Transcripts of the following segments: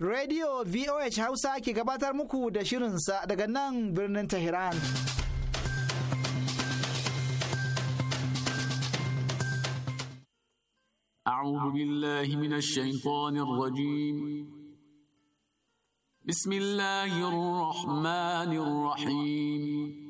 Radiyo VOH Hausa ke gabatar muku da shirin sa daga nan birnin Tehran. A'a wajen yi gilashin da na shiga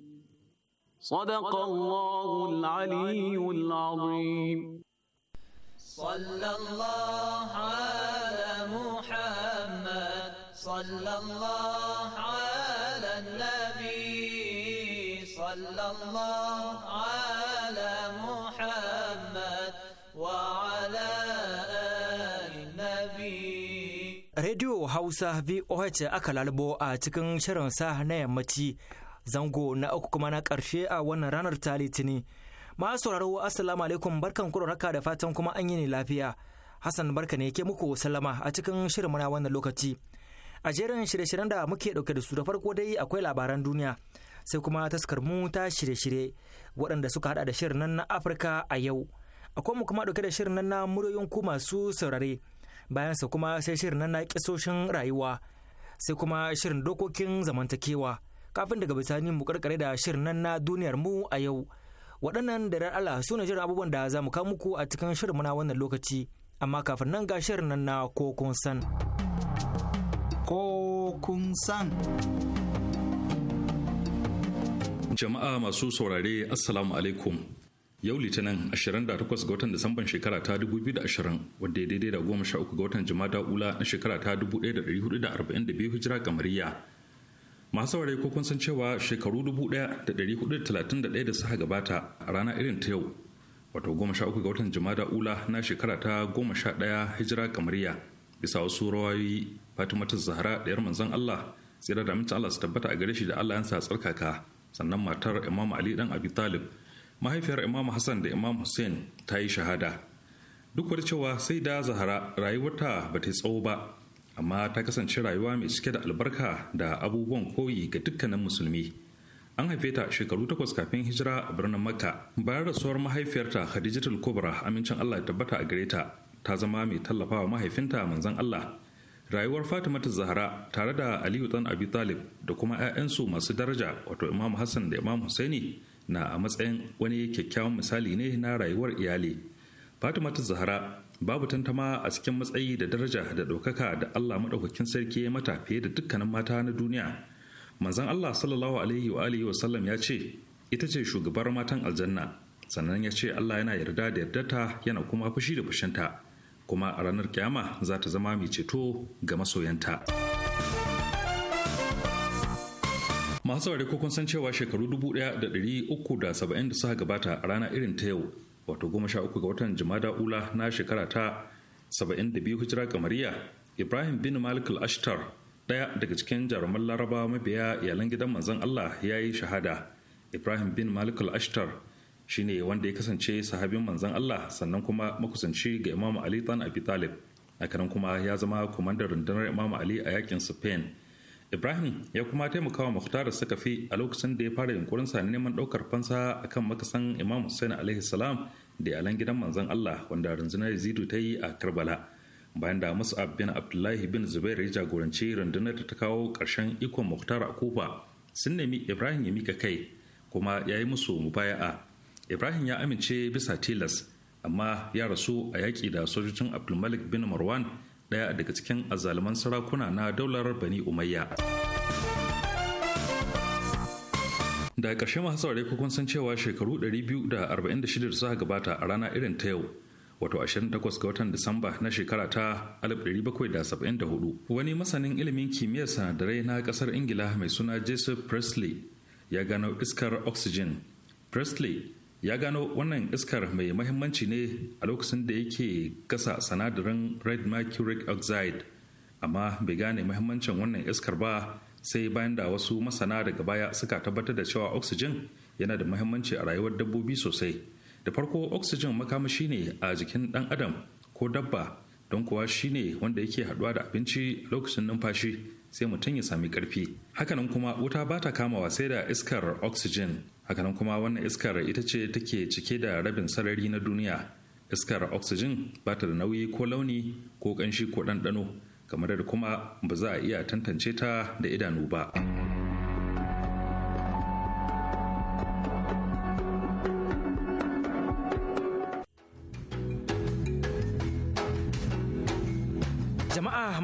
صدق الله العلي العظيم صلى الله على محمد صلى الله على النبي صلى الله على محمد وعلى آل النبي راديو هاوسا في أوهاتي أكل ألبو آتكن شرنساه نيمتي zango na uku kuma na ƙarshe a wannan ranar ta litini masu sauraro assalamu alaikum barkan ku raka da fatan kuma an yi ne lafiya hassan barka ne ke muku sallama a cikin shirin muna wannan lokaci a jerin shirye-shiryen da muke dauke da su da farko dai akwai labaran duniya sai kuma taskar mu ta shirye-shirye waɗanda suka hada da shirin nan na afirka a yau akwai mu kuma dauke da shirin nan na muryoyin ku masu saurare bayan sa kuma sai shirin nan na kisoshin rayuwa sai kuma shirin dokokin zamantakewa kafin daga bisani mu karkare da shirin nan na duniyar mu a yau waɗannan da ran Allah su ne shirin abubuwan da za mu kawo muku a cikin shirin muna wannan lokaci amma kafin nan ga shirin nan na kokun san kokun san jama'a masu saurare assalamu alaikum yau litinin 28 ga watan disamban shekara ta 2020 wadda ya daidai da 13 ga watan jama'a ula na shekara ta 1442 hijira kamariya masu saurari ko kun san cewa shekaru 1431 da suka gabata a rana irin ta yau wato 13 ga watan jumada ula na shekara ta 11 hijira kamariya bisa wasu rawayoyi fatimatu zahra yar manzon allah tsira da aminta allah su tabbata a gare shi da allah yansa tsarkaka sannan matar imam ali dan abi talib mahaifiyar imam hassan da imam hussein ta yi shahada duk wani cewa sai da Zahra rayuwarta ba ta tsawo ba amma ta kasance rayuwa mai cike da albarka da abubuwan koyi ga dukkanin musulmi an haife ta shekaru takwas kafin hijira a birnin makka bayan rasuwar mahaifiyarta khadijatul kubra amincin allah ya tabbata a gare ta ta zama mai tallafawa mahaifinta manzon allah rayuwar fatima ta zahra tare da aliyu dan abi talib da kuma 'ya'yansu masu daraja wato imam hassan da imam husaini na a matsayin wani kyakkyawan misali ne na rayuwar iyali fatima ta zahra babu tantama a cikin matsayi da daraja da ɗaukaka da Allah maɗaukakin sarki ya mata fiye da dukkanin mata na duniya manzon Allah sallallahu alaihi wa wa sallam ya ce ita ce shugabar matan aljanna sannan ya ce Allah yana yarda da yardarta yana kuma fushi da fushinta kuma a ranar kyama za ta zama mai ceto ga masoyanta. masu saurari ko kun san cewa shekaru 1370 da suka gabata a rana irin ta yau wato goma sha uku ga watan jimada ula na shekara ta saba'in da biyu hijira kamariya ibrahim bin malik al-ashtar daya daga cikin jaruman laraba mabiya iyalan gidan manzon allah ya yi shahada ibrahim bin malik al-ashtar shine wanda ya kasance sahabin manzon allah sannan kuma makusanci ga imamu ali dan abi talib a kuma ya zama kumandar rundunar imamu ali a yakin spain ibrahim ya kuma taimaka wa muhtar sakafi a lokacin da ya fara yunkurin sa neman ɗaukar fansa akan makasan imam hussein alaihi salam da yalan gidan manzon allah wanda rundunar yazidu ta yi a karbala bayan da mus'ab bin abdullahi bin zubair ya jagoranci rundunar da ta kawo ƙarshen ikon muhtar a kufa sun nemi ibrahim ya mika kai kuma ya yi musu mubaya'a ibrahim ya amince bisa tilas amma ya rasu a yaƙi da sojojin abdulmalik bin marwan ɗaya daga cikin azzaluman sarakuna na daular bani umayya da ƙarshe masu saurare kun san cewa shekaru 246 da suka gabata a rana irin ta yau wato 28 ga watan Disamba na shekara ta 1774. Wani masanin ilimin kimiyyar sanadarai na ƙasar Ingila mai suna Joseph Presley ya gano iskar oxygen. Presley ya gano wannan iskar mai mahimmanci ne a lokacin da yake gasa sanadarin red mercuric oxide amma bai gane mahimmancin wannan iskar ba sai bayan da wasu masana daga baya suka tabbatar da cewa oxygen yana da mahimmanci a rayuwar dabbobi sosai da farko oxygen makamashi ne a jikin dan adam ko dabba don kuwa shine wanda yake haduwa da abinci lokacin numfashi sai mutum ya sami karfi hakanan kuma wuta ba ta kamawa sai da iskar oxygen hakanan kuma wannan iskar ita ce take cike da rabin sarari na duniya iskar oxygen ba ta da nauyi ko launi ko kanshi ko ɗanɗano kamar da kuma ba za a iya tantance ta da idanu ba.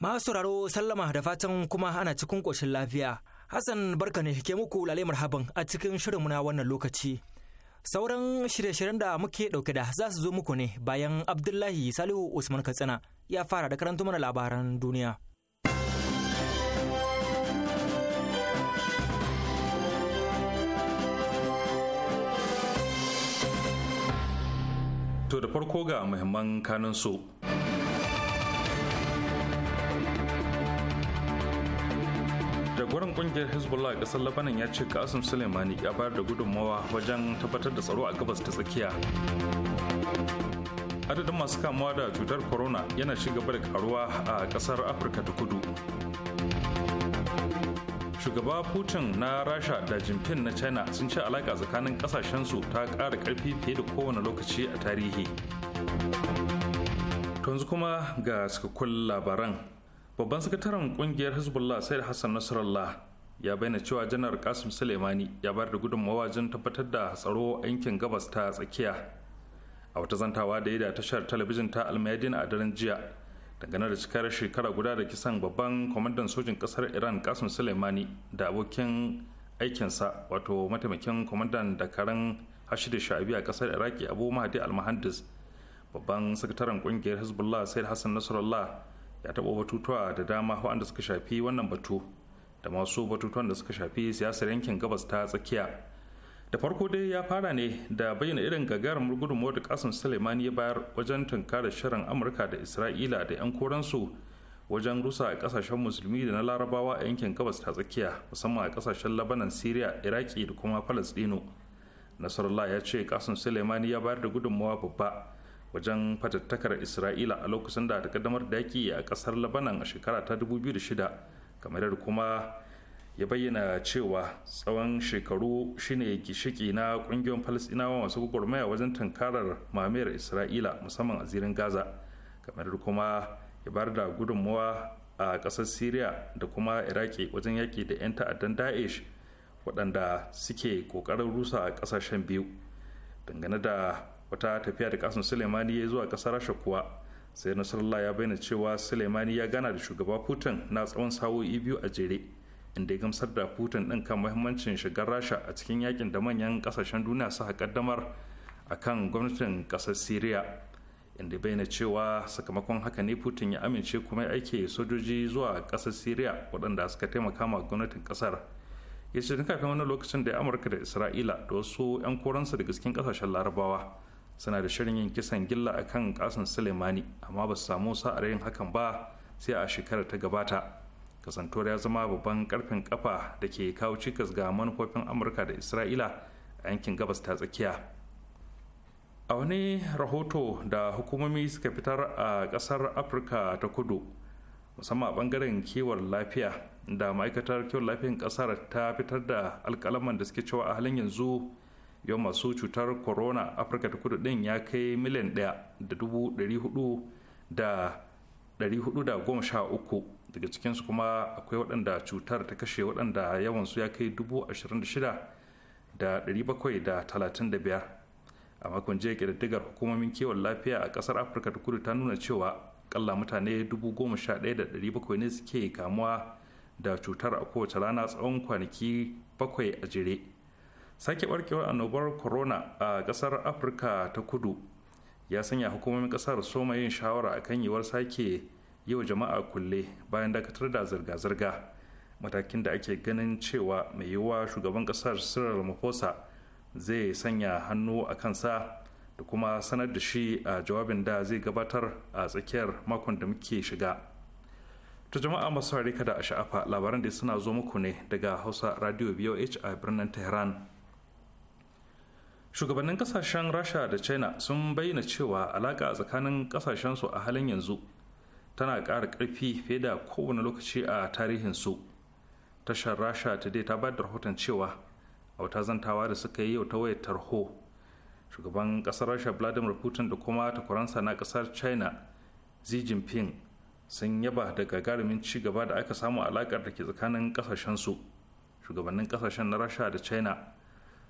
Masu sauraro sallama da fatan kuma ana cikin ƙoshin lafiya. Hassan barka ne ke muku lalai marhaban a cikin shirinmu na wannan lokaci. Sauran shirye-shiryen da muke ɗauke da za su zo muku ne bayan Abdullahi Salihu Usman Katsina ya fara da karanta mana labaran duniya. To da farko ga muhimman kanin jagoran kungiyar hezbollah kasar labanan ya ce kasim suleimani ya bayar da gudummawa wajen tabbatar da tsaro a gabas ta tsakiya adadin masu kamuwa da cutar corona yana ci gaba da karuwa a kasar afirka ta kudu shugaba putin na rasha da jinping na china sun ce alaka tsakanin kasashensu ta ƙara ƙarfi fiye da kowane lokaci a tarihi yanzu kuma ga cikakkun labaran babban sakataren kungiyar hezbollah said hassan nasrallah ya bayyana cewa janar kasim suleimani ya bayar da gudunmawa wajen tabbatar da tsaro a yankin gabas ta tsakiya a wata zantawa da ya da tashar talabijin ta almayadin a daren jiya dangane da cikar shekara guda da kisan babban kwamandan sojin kasar iran kasim suleimani da abokin aikinsa wato mataimakin kwamandan dakarun da sha'abi a kasar iraki abu mahadi almahandis babban sakataren kungiyar hezbollah said hassan nasrallah ya taɓa batutuwa da dama waɗanda suka shafi wannan batu da masu batutuwan da suka shafi siyasar yankin gabas ta tsakiya da farko dai ya fara ne da bayyana irin gagarumin gudunmawar da kasan suleimani ya bayar wajen tunkarar shirin amurka da isra'ila da 'yan koransu wajen rusa a kasashen musulmi da na larabawa a yankin gabas ta tsakiya musamman a kasashen labanan syria iraki da kuma Falasɗinu. nasarallah ya ce kasan suleimani ya bayar da gudunmawa babba wajen fatattakar isra'ila a lokacin da ta kaddamar da yaƙi a ƙasar labanan a shekara ta 2006 kamar yadda kuma ya bayyana cewa tsawon shekaru shine gishiki na ƙungiyoyin falasinawa masu gwagwarmaya wajen tankarar mamayar isra'ila musamman a zirin gaza kamar yadda kuma ya bayar da gudunmawa a ƙasar syria da kuma iraki wajen yaƙi da 'yan ta'addan da'ish waɗanda suke ƙoƙarin rusa a ƙasashen biyu dangane da wata tafiya da kasan suleimani ya yi zuwa kasar rasha kuwa sai nasarallah ya bayyana cewa suleimani ya gana da shugaba putin na tsawon sa'o'i biyu a jere inda ya gamsar da putin din kan mahimmancin shigar rasha a cikin yakin da manyan kasashen duniya suka kaddamar a kan gwamnatin kasar syria inda bayyana cewa sakamakon haka ne putin ya amince kuma ya aike sojoji zuwa kasar syria waɗanda suka taimaka ma gwamnatin kasar ya ce kafin wani lokacin da ya amurka da isra'ila da wasu 'yan koransa daga cikin kasashen larabawa suna da shirin yin kisan gilla a kan kasan sulemani amma ba su samu sa'ar hakan ba sai a shekarar ta gabata kasantuwar ya zama babban karfin kafa da ke kawo cikas ga manufofin amurka da isra'ila a yankin gabas ta tsakiya a wani rahoto da hukumomi suka fitar a kasar afirka ta kudu musamman a bangaren kiwon lafiya da ma'aikatar kiwon lafiyan kasar ta fitar da alkalaman da suke cewa a halin yanzu yau masu cutar corona afirka ta kudu din ya kai miliyan ɗaya da dubu ɗari hudu da ɗari hudu da goma sha uku daga cikinsu kuma akwai waɗanda cutar ta kashe waɗanda yawansu ya kai dubu ashirin da shida da ɗari bakwai da talatin da biyar a makon jiya ƙididdigar hukumomin kiwon lafiya a ƙasar afirka ta kudu ta nuna cewa kalla mutane dubu goma sha ɗaya da ɗari bakwai ne suke kamuwa da cutar a kowace rana tsawon kwanaki bakwai a jere sake barkewar annobar corona a kasar afirka ta kudu ya sanya hukumomin kasar soma yin shawara a kan yiwuwar sake yi wa jama'a kulle bayan dakatar da zirga-zirga matakin da ake ganin cewa mai yiwuwa shugaban kasar sirar ramaphosa zai sanya hannu a kansa da kuma sanar da shi a jawabin da zai gabatar a tsakiyar makon da muke shiga ta jama'a masu kada a sha'afa labaran da suna zo muku ne daga hausa radio voh a birnin tehran shugabannin kasashen rasha da china sun bayyana cewa alaka tsakanin kasashensu a halin yanzu tana kara ƙarfi fiye da kowane lokaci a tarihinsu tashar rasha today ta ba da rahoton cewa a wata zantawa da suka yi yau ta wayar tarho shugaban ƙasar rasha vladimir putin da kuma takwaransa na ƙasar china xi jinping sun yaba da gagarumin ci gaba da aka samu alakar da ke tsakanin kasashensu shugabannin kasashen na rasha da china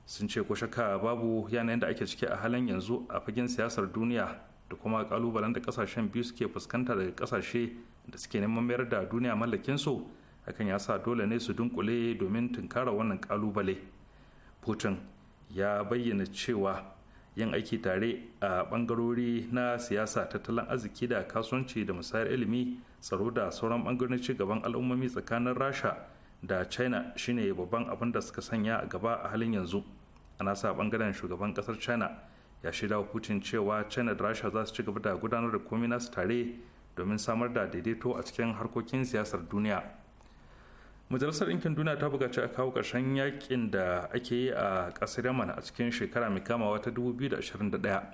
sun ce ko shakka babu yanayin da ake ciki a halin yanzu a fagen siyasar duniya da kuma kalubalen da kasashen biyu suke fuskanta daga kasashe da suke neman mayar da duniya mallakinsu hakan ya sa dole ne su dunkule domin tunkara wannan kalubale putin ya bayyana cewa yin aiki tare a bangarori na siyasa tattalin arziki da kasuwanci da musayar ilimi tsaro da sauran bangarorin ci gaban al'ummomi tsakanin rasha da china shine babban abin da suka sanya a gaba a halin yanzu ana sa bangaren shugaban kasar china ya shaida wa putin cewa china da rasha za su ci gaba da gudanar da komai nasu tare domin samar da daidaito a cikin harkokin siyasar duniya majalisar ɗinkin duniya ta buƙaci a kawo ƙarshen yakin da ake yi a ƙasar yaman a cikin shekara mai kamawa ta 2021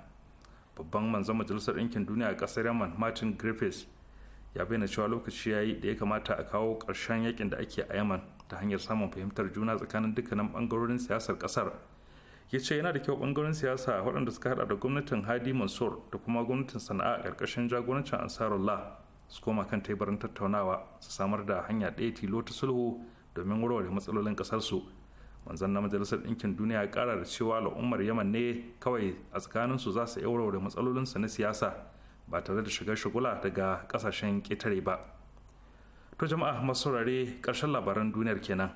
babban manzon majalisar ɗinkin duniya a ƙasar yaman martin griffiths ya bayyana cewa lokaci ya yi da ya kamata a kawo ƙarshen yakin da ake a yaman ta hanyar samun fahimtar juna tsakanin dukkanin ɓangarorin siyasar ƙasar ya ce yana da kyau bangaren siyasa waɗanda suka hada da gwamnatin hadi mansur da kuma gwamnatin sana'a a ƙarƙashin jagorancin ansarullah su koma kan teburin tattaunawa su samar da hanya ɗaya tilo ta sulhu domin warware matsalolin ƙasarsu wanzan na majalisar ɗinkin duniya ya ƙara da cewa al'ummar yaman ne kawai a tsakaninsu za su iya warware matsalolinsu na siyasa ba tare da shiga shigula daga ƙasashen ƙetare ba to jama'a masu saurare ƙarshen labaran duniyar kenan.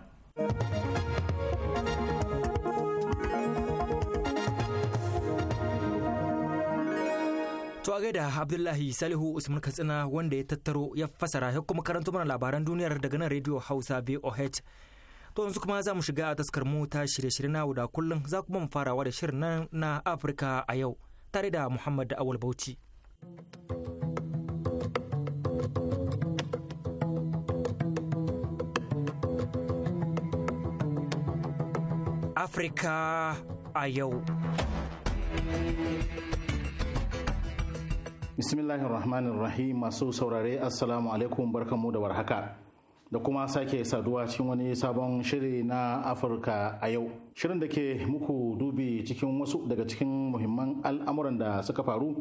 To a gaida Abdullahi Salihu Usman Katsina wanda ya tattaro ya fasara ya kuma karanta mana labaran duniyar daga nan Radio Hausa BOH. To yanzu kuma za mu shiga a taskar mu ta shirye-shirye na da kullum za kuma mu farawa da shirin nan na Afirka a yau tare da Muhammad Awal Bauchi. Afirka a yau. bismillahirrahmanirrahim masu saurare assalamu alaikum barkamu da warhaka da kuma sake saduwa cikin wani sabon shiri na afirka a yau shirin da ke muku dubi cikin wasu daga cikin muhimman al'amuran da suka faru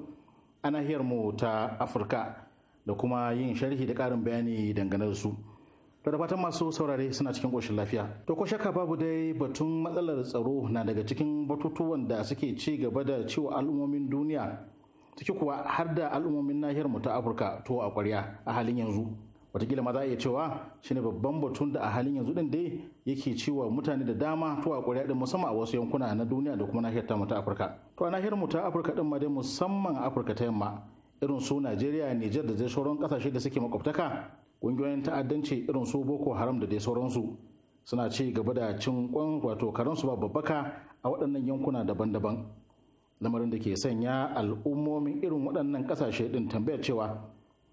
a nahiyar mu ta afirka da kuma yin sharhi da karin bayani dangane da su to da fatan masu saurare suna cikin ƙoshin lafiya to ko shakka babu dai batun matsalar tsaro na daga cikin batutuwan da suke ci gaba da ciwo al'ummomin duniya ciki kuwa har da al'ummomin nahiyar mu ta afirka to a kwarya a halin yanzu watakila ma za a iya cewa shine babban batun da a halin yanzu din dai yake cewa mutane da dama to a kwarya din musamman a wasu yankuna na duniya da kuma nahiyar tamu ta afirka to a nahiyar mu ta afirka din ma dai musamman afirka ta yamma irin su najeriya nijar da dai sauran kasashe da suke makwabtaka kungiyoyin ta'addanci irin su boko haram da dai sauransu suna ci gaba da cin kwan wato karansu ba babbaka a waɗannan yankuna daban-daban lamarin da ke sanya al'ummomin irin waɗannan ƙasashe ɗin tambayar cewa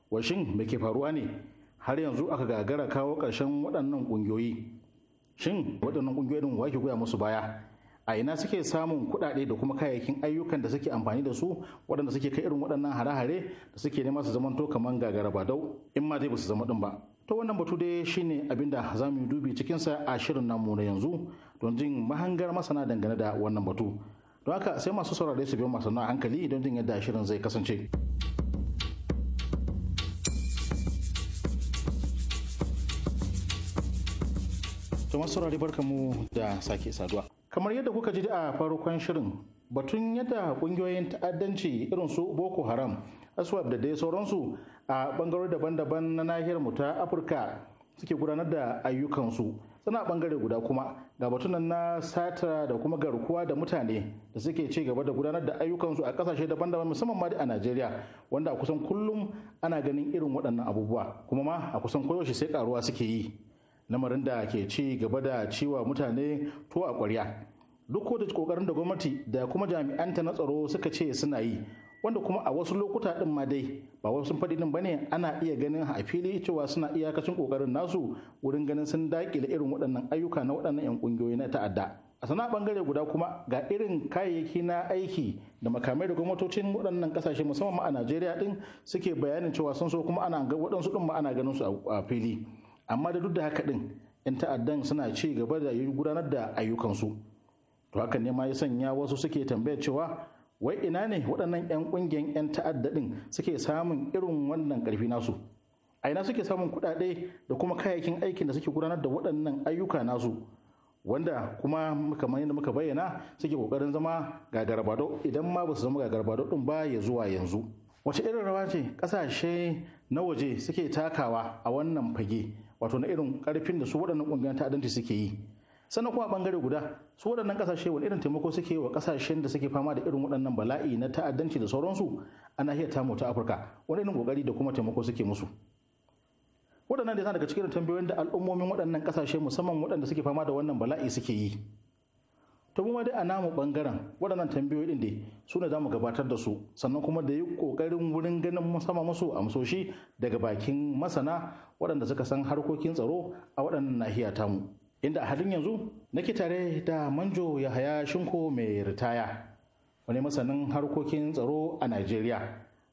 washin me ke faruwa ne har yanzu aka gagara kawo ƙarshen waɗannan ƙungiyoyi shin waɗannan ƙungiyoyin wa ke goya musu baya a ina suke samun kuɗaɗe da kuma kayayyakin ayyukan da suke amfani da su waɗanda suke kai irin waɗannan hare-hare da suke nema su zamanto kamar gagara ba dau in ma zai ba su zama ɗin ba to wannan batu dai shine abin da za mu yi dubi cikinsa a shirin namu na yanzu don jin mahangar masana dangane da wannan batu don haka sai masu saurare su biyo masu hankali don jin yadda shirin zai kasance to masu saurare barkamu da sake saduwa kamar yadda kuka ji a farkon shirin batun yadda kungiyoyin ta'addanci irin su boko haram aswab da dai sauransu a bangarori daban-daban na nahiyar mu ta afirka suke gudanar da ayyukansu tana bangare guda kuma ga batunan na sata da kuma garkuwa da mutane da suke ci gaba da gudanar da ayyukansu a kasashe daban-daban musamman ma a Najeriya wanda a kusan kullum ana ganin irin waɗannan abubuwa kuma ma a kusan koyaushe sai karuwa suke yi lamarin da ke ci gaba da ciwa mutane to a ƙwarya duk da kokarin da gwamnati da kuma jami'anta na tsaro suka ce suna yi wanda kuma a wasu lokuta din ma dai ba wasu sun faɗi din bane ana iya ganin a fili cewa suna iyakacin kokarin nasu wurin ganin sun dakile irin waɗannan ayyuka na waɗannan 'yan ƙungiyoyi na ta'adda a sana bangare guda kuma ga irin kayayyaki na aiki da makamai da gwamnatocin waɗannan ƙasashe musamman a najeriya din suke bayanin cewa sun so kuma ana ga waɗansu din ma ana ganin su a fili amma da duk da haka din, 'yan ta'addan suna ci gaba da gudanar da ayyukansu to hakan ne ma ya sanya wasu suke tambayar cewa wai ina ne waɗannan 'yan ƙungiyar 'yan ta'adda ɗin suke samun irin wannan ƙarfi nasu a ina suke samun kuɗaɗe da kuma kayayyakin aikin da suke gudanar da waɗannan ayyuka nasu wanda kuma kamar yadda muka bayyana suke ƙoƙarin zama ga gagarbado idan ma ba su zama gagarbado ɗin ba ya zuwa yanzu wace irin rawa ce kasashe na waje suke takawa a wannan fage wato na irin ƙarfin da su waɗannan ƙungiyar ta'addanci suke yi sannan kuma a bangare guda su waɗannan ƙasashe wani irin taimako suke wa ƙasashen da suke fama da irin waɗannan bala'i na ta'addanci da sauransu a nahiyar tamu ta afirka wani irin ƙoƙari da kuma taimako suke musu waɗannan da yana daga cikin tambayoyin da al'ummomin waɗannan ƙasashe musamman waɗanda suke fama da wannan bala'i suke yi to kuma dai a namu bangaren waɗannan tambayoyi tambayoyin dai su ne zamu gabatar da su sannan kuma da yi kokarin wurin ganin musamman musu amsoshi daga bakin masana waɗanda suka san harkokin tsaro a waɗannan nahiya tamu. inda a halin yanzu nake tare da manjo yahaya shinko mai ritaya wani masanin harkokin tsaro a najeriya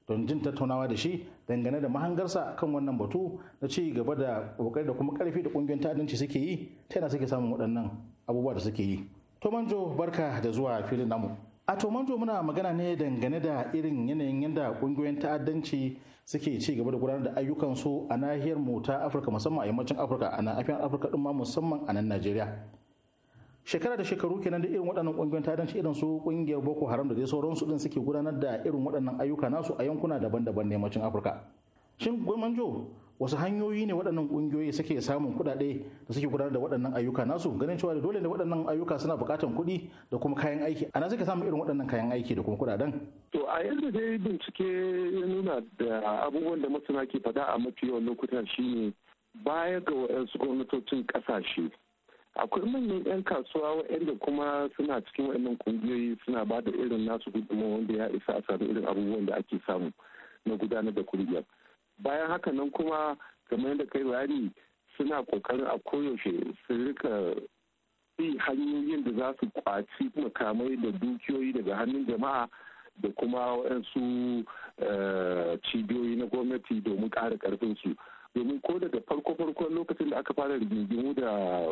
don jin tattaunawa da shi dangane da mahangarsa kan wannan batu na ci gaba da kokari da kuma karfi da kungiyar ta'addanci suke yi ta yana suke samun waɗannan abubuwa da suke yi to manjo barka da zuwa filin namu a to manjo muna magana ne dangane da irin yanayin yadda kungiyoyin ta'addanci suke ci gaba da gudanar da ayyukansu a nahiyar mu ta afirka musamman a yammacin afirka a nan afirka afirka din ma musamman a nan najeriya shekara da shekaru kenan da irin waɗannan ƙungiyoyin danci irin su ƙungiyar boko haram da dai sauransu din suke gudanar da irin waɗannan ayyuka nasu a yankuna daban-daban na yammacin afirka shin gwamanjo wasu hanyoyi ne waɗannan ƙungiyoyi suke samun kuɗaɗe da suke gudanar da waɗannan ayyuka nasu ganin cewa dole ne waɗannan ayyuka suna buƙatar kuɗi da kuma kayan aiki ana suke samun irin waɗannan kayan aiki da kuma kuɗaɗen. to a yadda dai bincike ya nuna da abubuwan da masana ke faɗa a mafi yawan lokuta shine baya ga waɗansu gwamnatocin ƙasashe akwai manyan 'yan kasuwa waɗanda kuma suna cikin waɗannan ƙungiyoyi suna ba da irin nasu gudunmawa wanda ya isa a samu irin abubuwan da ake samu na gudanar da kuɗi bayan haka nan kuma kamar yadda kai bayani suna kokarin a koyaushe su rika bi hanyoyin da za su kwaci makamai da dukiyoyi daga hannun jama'a da kuma waɗansu eh, cibiyoyi na gwamnati domin ƙara ƙarfinsu domin ko daga farko-farkon lokacin da aka fara rigingimu da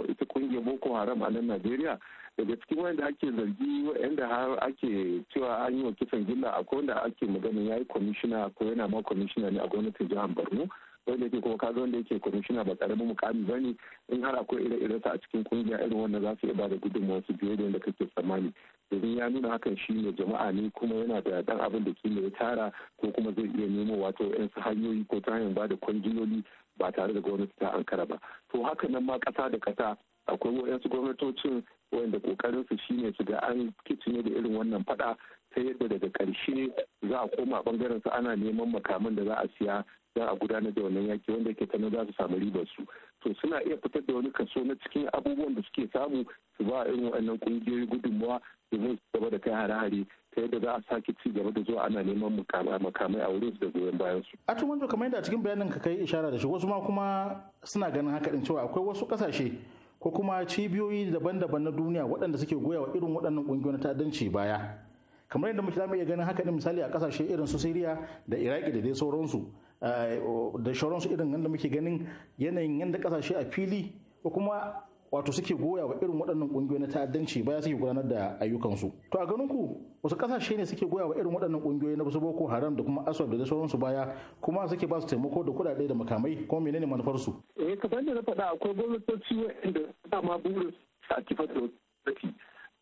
ita ƙungiyar boko haram a nan najeriya daga cikin wanda ake zargi wanda har ake cewa an yi wa kisan gilla akwai wanda ake magana ya yi kwamishina ko yana ma kwamishina ne a gwamnatin jihar borno wanda yake kuma kaga wanda yake kwamishina ba karamin mukami ba ne in har akwai ire-ire ta a cikin kungiya irin wanda za su iya ba da gudunmawa su biyo da yadda kake tsammani domin ya nuna hakan shi ne jama'a ne kuma yana da dan abin da kima ya tara ko kuma zai iya nemo wato yan su hanyoyi ko ta hanyar ba da kwangiloli ba tare da gwamnati ta ankara ba to haka nan ma kasa da kasa akwai wayansu gwamnatocin wanda kokarin su shine su ga an kicine da irin wannan fada ta yadda daga karshe za a koma bangaren su ana neman makaman da za a siya za a gudanar da wannan yaki wanda yake tana za su samu ribar su to suna iya fitar da wani kaso na cikin abubuwan da suke samu su ba irin wannan kungiyoyi gudunmawa domin su gaba da kai hare-hare ta yadda za a sake ci gaba da zuwa ana neman makamai a wurin su da goyon bayan su. a cikin kamar yadda cikin bayanin ka kai ishara da shi wasu ma kuma suna ganin haka cewa akwai wasu kasashe ko kuma cibiyoyi daban-daban na duniya waɗanda suke goya wa irin waɗannan na ta'addanci baya kamar yadda muke zamu iya ganin haka ne misali a ƙasashe irin su Syria da Iraki da dai sauransu eh, da sauransu irin yadda muke ganin yanayin yadda ƙasashe a fili ko kuma wato suke goya wa irin waɗannan ƙungiyoyi na ta'addanci baya suke gudanar da ayyukansu to a ganin ku wasu ƙasashe ne suke goya wa irin waɗannan ƙungiyoyi na su boko haram da kuma aswad da sauransu baya kuma suke ba su taimako da kuɗaɗe da makamai kuma menene manufarsu. eh kamar da na faɗa akwai gwamnatoci waɗanda ma burin a kifar da gwamnati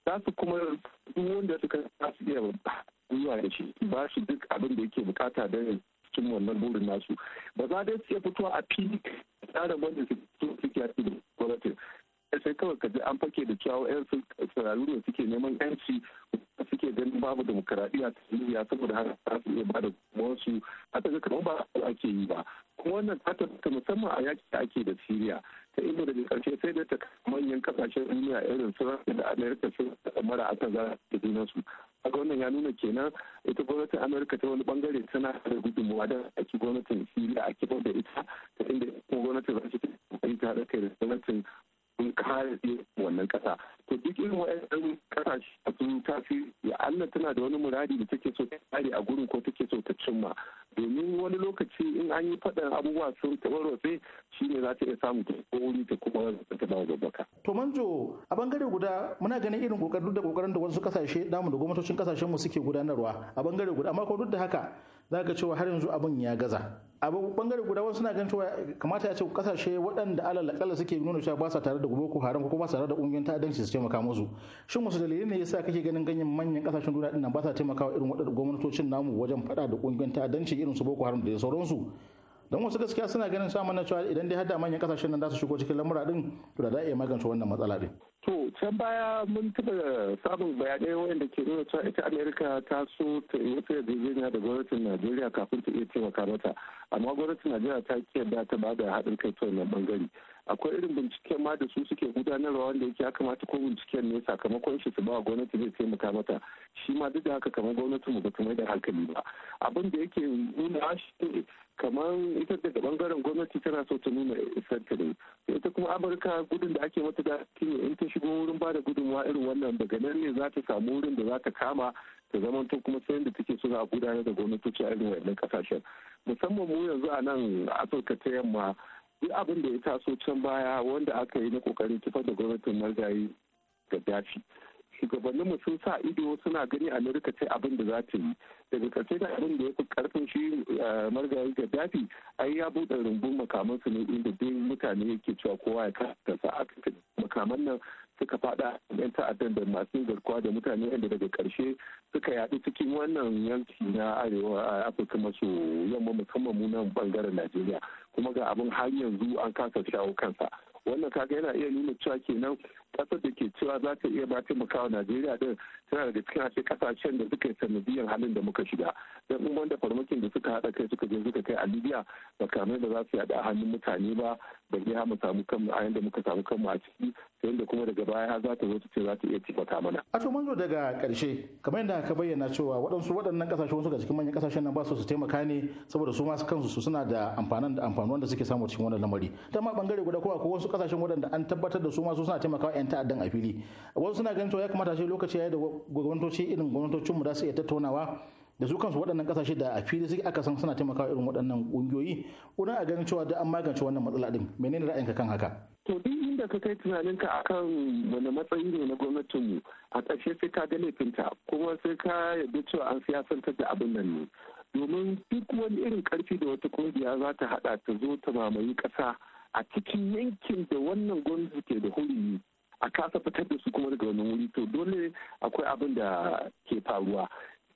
za su kuma duk wanda suka za su iya zuwa da shi ba shi duk abin da yake bukata da cin wannan burin nasu ba za dai su iya fitowa a fili tsarin wanda suke suke cikin gwamnati sai kawai ka ji an fake da cewa yan sun ne suke neman yanci suke ganin babu demokaradiyya ta duniya saboda har za su iya bada wasu a ta zaka ba ake yi ba kuma wannan ta ta musamman a yaki da ake da siriya ta inda da karshe sai da ta manyan kasashen duniya irin su da amerika sun mara a kan zara da a haka wannan ya nuna kenan ita gwamnatin amerika ta wani bangare tana da gudunmuwa da ake gwamnatin siriya a kibar da ita ta inda kuma gwamnatin yi ta haɗa kai da gwamnatin sun kare wannan kasa to duk irin wa'yan kasashe sun tafi ya Allah tana da wani muradi da take so ta tsare a gurin ko take so ta cimma domin wani lokaci in an yi faɗin abubuwa sun taɓarwatse shi ne za ta iya samu ta wuri ta kuma ta dawo babbaka. to manjo a bangare guda muna ganin irin kokarin da kokarin da wasu kasashe damu da gwamnatocin kasashen mu suke gudanarwa a bangare guda amma ko duk da haka za ka cewa har yanzu abin ya gaza a bangare guda wasu suna ganin cewa kamata ya ce kasashe waɗanda alal suke nuna cewa ba sa tare da ko haram ko ba sa tare da ƙungiyar ta'addanci su taimaka musu shin wasu dalilai ne yasa kake ganin ganyen manyan kasashen duniya din nan ba sa taimakawa irin waɗannan gwamnatocin namu wajen faɗa da ƙungiyoyin ta'addanci irin su Boko Haram da sauransu don wasu gaskiya suna ganin samun na cewa idan dai hada manyan kasashen nan za su shigo cikin lamura din to da za a iya magance wannan matsala din. to can baya mun taɓa samun bayanai wanda ke nuna cewa ita amerika ta so ta yi wata yarjejeniya da gwamnatin najeriya kafin ta iya taimaka mata amma gwamnatin najeriya ta kiyar da ta ba da haɗin kai ta wannan bangare akwai irin binciken ma da su suke gudanarwa wanda yake ya kamata ko binciken ne sakamakon shi su ba gwamnati zai taimaka mata shi ma duk da haka kamar gwamnatin mu ta mai da hankali ba abin da yake nuna shi kamar ita daga bangaren gwamnati tana so ta nuna ne ita kuma amurka gudun da ake mata da in ta shigo wurin bada da gudunmawa irin wannan daga nan ne za ta samu wurin da za ta kama ta zama to kuma sayan da take suna a gudanar da gwamnatoci a irin wannan kasashen musamman mu yanzu a nan afirka ta yamma duk abin da ya taso can baya wanda aka yi na kokarin kifar da gwamnatin margayi ga dafi shugabanninmu sun sa ido suna gani amurka ce abin da za ta yi daga karshe da abin da ya fi karfin shi eh, margayi ga dafi ai ya buɗe rumbun makamansu ne inda duk mutane yake cewa kowa ya kasa sa makaman nan suka fada yan ta'addan da masu garkuwa da mutane yadda daga karshe suka yaɗu cikin wannan yanki na arewa a afirka maso yamma musamman munan bangaren najeriya kuma ga abin har yanzu an kasa shawo kansa wannan kaga yana iya nuna cewa kenan kasar da ke cewa za ta iya ba taimakawa najeriya din tana daga cikin ashe kasashen da suka yi sanadiyyar halin da muka shiga don in wanda farmakin da suka haɗa kai suka je suka kai a libya kamar da za su yaɗa hannun mutane ba ba ya mu samu kanmu a yadda muka samu kanmu a ciki yadda kuma daga baya za ta zo ta ce za ta iya taimaka mana. A to manzo daga karshe kamar yadda ka bayyana cewa waɗansu waɗannan kasashe wasu ga cikin manyan kasashen nan ba su su taimaka ne saboda su masu kansu su suna da amfanin da amfani da suke samu cikin wannan lamari. Ta ma bangare guda ko akwai wasu kasashen waɗanda an tabbatar da su ma su suna taimakawa 'yan ta'addan a fili. Wasu suna ganin cewa ya kamata shi lokaci ya yi da gwamnatoci irin gwamnatocinmu za su iya tattaunawa da su kansu waɗannan ƙasashe da a fili suke aka san suna taimakawa irin waɗannan ƙungiyoyi wurin a ganin cewa da an magance wannan matsala ɗin menene ra'ayinka kan haka to duk inda ka kai tunaninka akan wani matsayi ne na gwamnatinmu a ƙarshe sai ka ga laifinta kuma sai ka yarda cewa an siyasantar da abin nan ne domin duk wani irin ƙarfi da wata ƙungiya za ta haɗa ta zo ta mamayi ƙasa a cikin yankin da wannan gwamnati ke da huri a kasa fitar da su kuma daga wani wuri to dole akwai abin da ke faruwa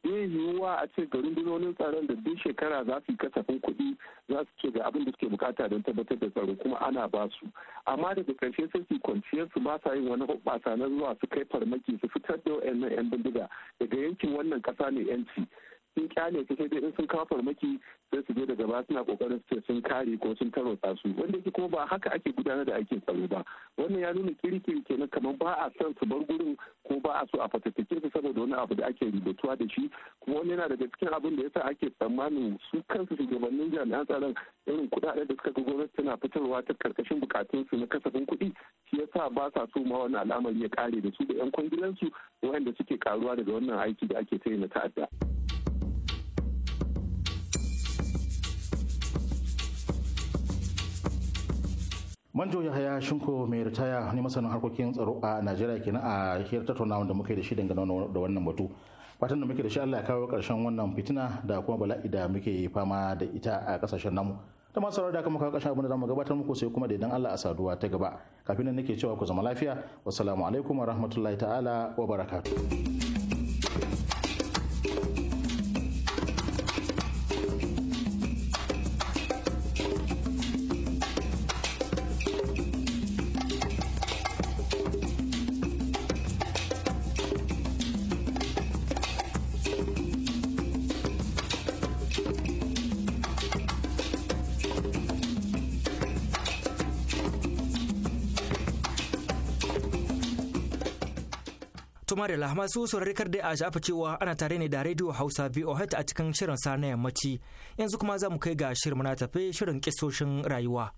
yi yiwuwa a ce garin rundunonin tsaron da duk shekara za su yi kasafin kuɗi za su ce ga abin da suke bukata don tabbatar da tsaro kuma ana ba su amma daga ƙarshe sai su kwanciyar su ba sa yin wani hoɓɓasa na zuwa su kai farmaki su fitar da wayannan yan bindiga daga yankin wannan ƙasa ne yanci sun kyale su sai dai sun kawo farmaki sai su je da gaba suna kokarin su sun kare ko sun tarwatsa su wanda yake kuma ba haka ake gudanar da aikin tsaro ba wannan ya nuna ke kenan kamar ba a son su bar gurin ko ba a so a fatattake su saboda wani abu da ake ribatuwa da shi kuma wani yana daga cikin abin da yasa ake tsammanin su kansu shugabannin jami'an tsaron irin kuɗaɗen da suka ga gwamnati tana fitarwa ta karkashin bukatun su na kasafin kuɗi shi yasa ba sa so ma wannan al'amari ya kare da su da 'yan kwangilansu wanda suke karuwa daga wannan aiki da ake sayi na ta'adda. manjo haya shinko mai ritaya ne masanin harkokin tsaro a najeriya nan a hiyar tattaunawa da muke da shi dangane da wannan batu fatan da muke da shi allah ya kawo karshen wannan fitina da kuma bala'i da muke fama da ita a kasashen namu ta masu da kuma kawo karshen abin da zamu gabatar muku sai kuma da idan allah a saduwa ta gaba kafin nan nake cewa ku zama lafiya wassalamu alaikum wa rahmatullahi ta'ala wa barakatuh to marila masu saurari kar dai a shafa cewa ana tare ne da radio hausa voh a cikin shirin sa na yammaci yanzu kuma za mu kai ga shirin na tafe shirin kisoshin rayuwa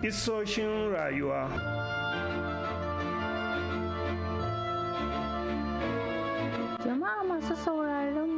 Isoshin rayuwa Jama'a masu sauraron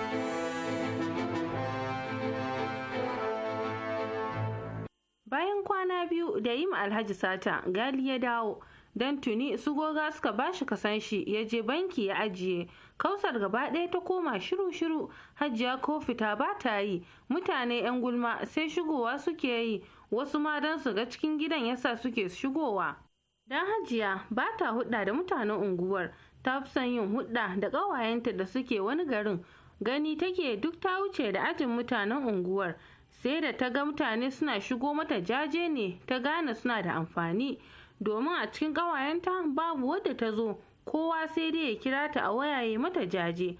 bayan kwana biyu da yi alhaji sata gali ya dawo don tuni su goga suka bashi kasan shi ya je banki ya ajiye kausar gaba ɗaya ta koma shiru-shiru hajiya ko fita ba ta yi mutane 'yan gulma sai shigowa suke yi wasu ma don su ga cikin gidan yasa suke shigowa don hajiya ba ta hudda da mutanen unguwar ta fi son yin hudda da ƙawayenta da suke wani garin gani take duk ta wuce da ajin mutanen unguwar sai da ta ga mutane suna shigo mata jaje ne ta gane suna da amfani domin a cikin ƙawayenta babu wadda ta zo kowa sai dai ya kira ta a wayaye mata jaje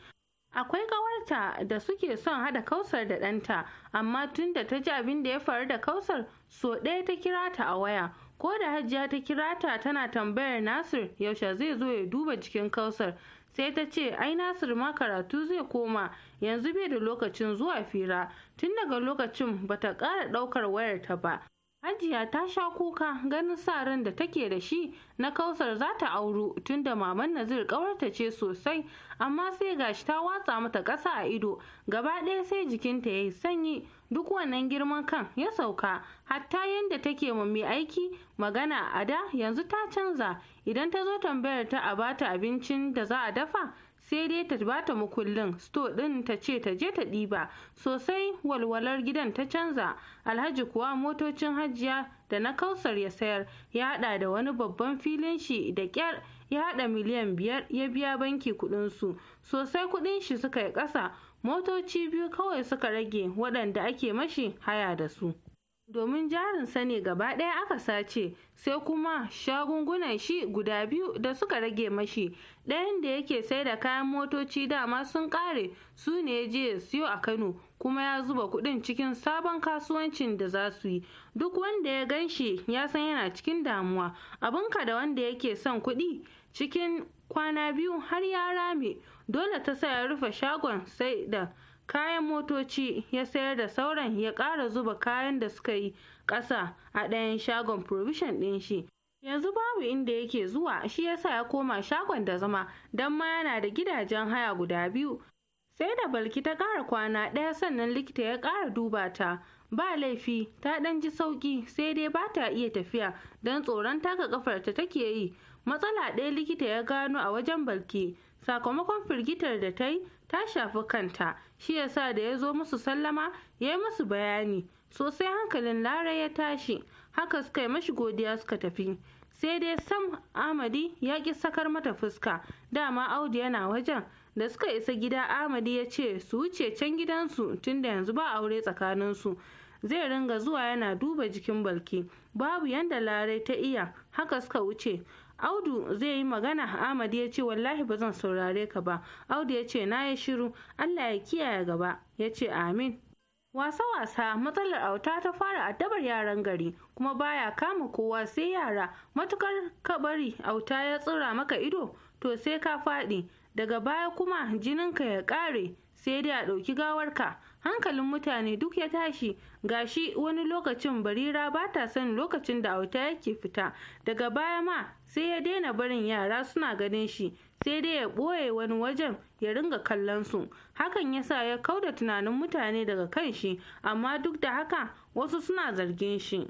akwai ƙawarta da suke son hada kausar da ɗanta amma tun da ta ji abin da ya faru da kausar so ɗaya ta kira ta a waya ko da hajjiya ta kira ta tana tambayar nasir yaushe zai zo ya duba jikin kausar sai ta ce ai nasir ma karatu zai koma yanzu bai da lokacin zuwa fira tun daga lokacin bata ƙara ɗaukar wayarta ba hajiya ta sha kuka ganin sa ran da take da shi na kausar za ta auru tunda maman nazir ƙawarta ce sosai amma sai gashi ta watsa mata ƙasa a ido gaba ɗaya sai jikinta ya yi sanyi duk wannan girman kan ya sauka hatta yadda take ma mai aiki magana a da yanzu ta canza idan ta zo tambayar ta a bata abincin da za a dafa sai dai ta bata mukullin sto din ta ce ta je ta ɗiba sosai walwalar gidan ta canza alhaji kuwa motocin hajiya da na kausar ya sayar ya hada da wani babban filin shi da kyar ya hada miliyan biyar ya biya banki kudin su sosai kudin shi suka yi ƙasa motoci biyu kawai suka rage waɗanda ake mashi haya da su domin jarinsa ne gaba ɗaya aka sace sai kuma shagungunan shi guda biyu da suka rage mashi ɗayan da yake sai da kayan motoci dama sun ƙare su ne ya je siyo a kano kuma ya zuba kuɗin cikin sabon kasuwancin da za su yi duk wanda ya gan shi ya san yana cikin damuwa abinka da wanda yake son kuɗi cikin kwana biyu har ya rame dole ta sa ya rufe shagon sai da kayan motoci ya sayar da sauran ya ƙara zuba kayan da suka yi ƙasa a ɗayan shagon provision ɗin shi yanzu babu inda yake zuwa shi yasa ya koma shagon da zama don ma yana da gidajen haya guda biyu sai da balki ta ƙara kwana ɗaya sannan likita ya ƙara duba ta ba laifi ta ɗan ji sauƙi sai dai ba ta iya tafiya don tsoron taka ƙafarta take yi matsala ɗaya likita ya gano a wajen balki sakamakon firgitar da ta yi ta shafi kanta shi yasa da ya zo musu sallama ya yi musu bayani sosai hankalin Larai ya tashi haka suka yi mashi godiya suka tafi sai dai sam amadi ya ƙi sakar mata fuska dama audu yana wajen da suka isa gida amadi ya ce su wuce can gidansu tunda yanzu ba aure tsakaninsu zai ringa zuwa yana duba jikin balki babu yanda larai ta iya haka suka wuce audu zai yi magana ahmad ya ce wallahi ba zan saurare ka ba audu ya ce na yi shiru allah ya kiyaye gaba ya ce amin Wasa-wasa matsalar auta ta fara addabar yaran gari kuma baya kama kowa sai yara matukar kabari auta ya tsira maka ido to sai ka faɗi daga baya kuma jininka ya ƙare sai dai a ɗauki gawarka hankalin mutane duk ya tashi gashi wani lokacin barira ba ta son lokacin da auta yake fita daga baya ma sai ya daina barin yara suna ganin shi sai dai ya ɓoye wani wajen ya ringa kallon su hakan ya sa ya kauda tunanin mutane daga kan shi amma duk da haka wasu suna zargin shi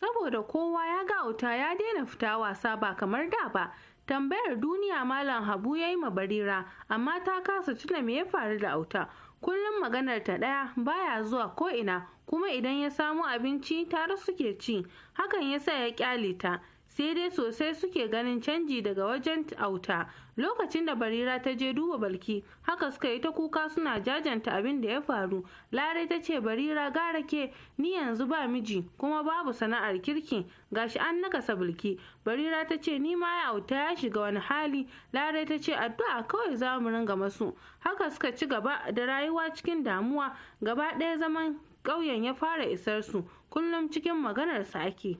saboda kowa ya ga wuta ya daina fita wasa ba kamar da ba tambayar duniya malam habu ya yi barira amma ta kasa tuna me ya faru da auta kullum maganar ta ɗaya baya zuwa ko ina kuma idan ya samo abinci tare suke ci hakan ya sa ya kyale ta sai dai sosai suke ganin canji daga wajen auta lokacin da barira ta je duba balki haka suka yi ta kuka suna jajanta abin da ya faru larai ta ce barira gara ke ni yanzu ba miji kuma babu sana'ar kirki gashi an nakasa bilki barira ta ce ni ma ya auta ya shiga wani hali larai ta ce addu'a kawai za mu ringa masu haka suka ci gaba da rayuwa cikin damuwa gaba ɗaya zaman ƙauyen ya fara isar su kullum cikin maganar ake.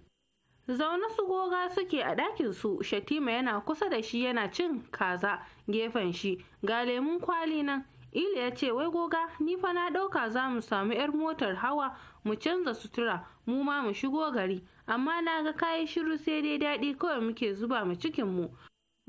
zaune su goga suke a ɗakin su shatima yana kusa da shi yana cin kaza gefen shi ga lemun kwali nan ili ya ce wai goga ni fa na ɗauka za mu samu 'yar motar hawa mu canza sutura mu ma mu shigo gari amma na ga kayi shiru sai dai daɗi kawai muke zuba mu cikin mu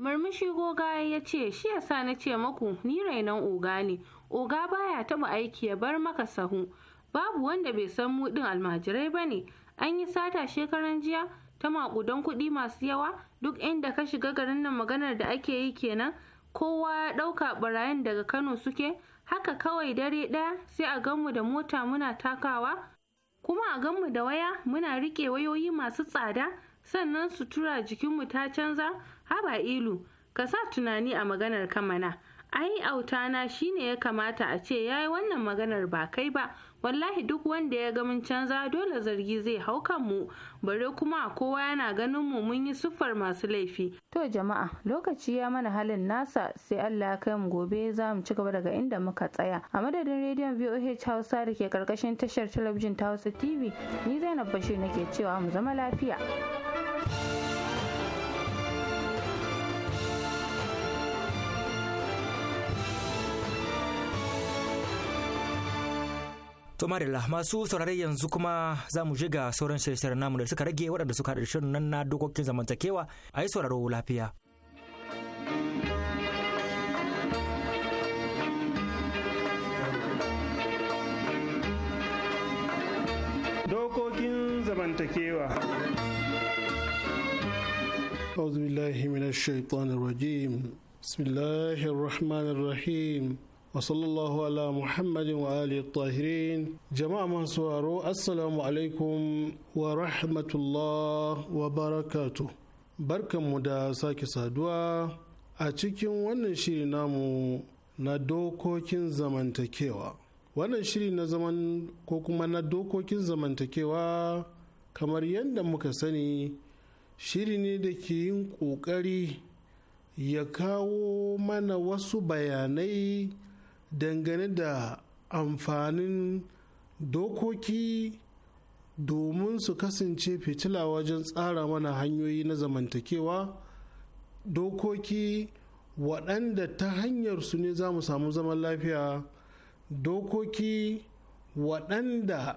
murmushi goga ya ce shi yasa na ce maku ni rainon oga ne oga baya taɓa aiki ya bar maka sahu babu wanda bai san mu ɗin almajirai ba ne an yi sata shekaran jiya ta maƙudan kuɗi masu yawa duk inda ka shiga garin nan maganar da ake yi kenan kowa ya ɗauka ɓarayin daga kano suke haka kawai dare ɗaya sai a ganmu da mota muna takawa kuma a ganmu da waya muna riƙe wayoyi masu tsada sannan sutura jikinmu ta canza haba ilu ka sa tunani a maganar kamana ai autana shine ya kamata a ce yayi wannan maganar ba kai ba wallahi duk wanda ya ga mun canza dole zargi zai hau mu. bare kuma kowa yana ganin mu mun yi siffar masu laifi to jama'a lokaci ya mana halin nasa sai Allah ya kai mu gobe za mu ci gaba daga inda muka tsaya a madadin rediyon VOH Hausa da ke karkashin tashar talabijin ta Hausa TV ni Zainab Bashir nake cewa mu zama lafiya thank you To Marilla masu saurare yanzu kuma za mu ga sauran shirye-shiryen namu da suka rage waɗanda suka haɗa shirin nan na dokokin zamantakewa a yi sauraro lafiya. Dokokin zamantakewa. أعوذ بالله من الشيطان الرجيم بسم الله الرحمن الرحيم wa sallallahu ala muhammadin wa ali tahirin jama'a masu waro assalamu alaikum wa rahmatullah wa barakatu barkanmu da sake saduwa a cikin wannan shiri namu na dokokin zamantakewa wannan shiri na zaman ko kuma na dokokin zamantakewa kamar yadda muka sani shiri ne da ke yin ƙoƙari ya kawo mana wasu bayanai dangane da amfanin dokoki domin su kasance fitila wajen tsara mana hanyoyi na zamantakewa dokoki waɗanda ta hanyar su ne za mu samu zaman lafiya dokoki waɗanda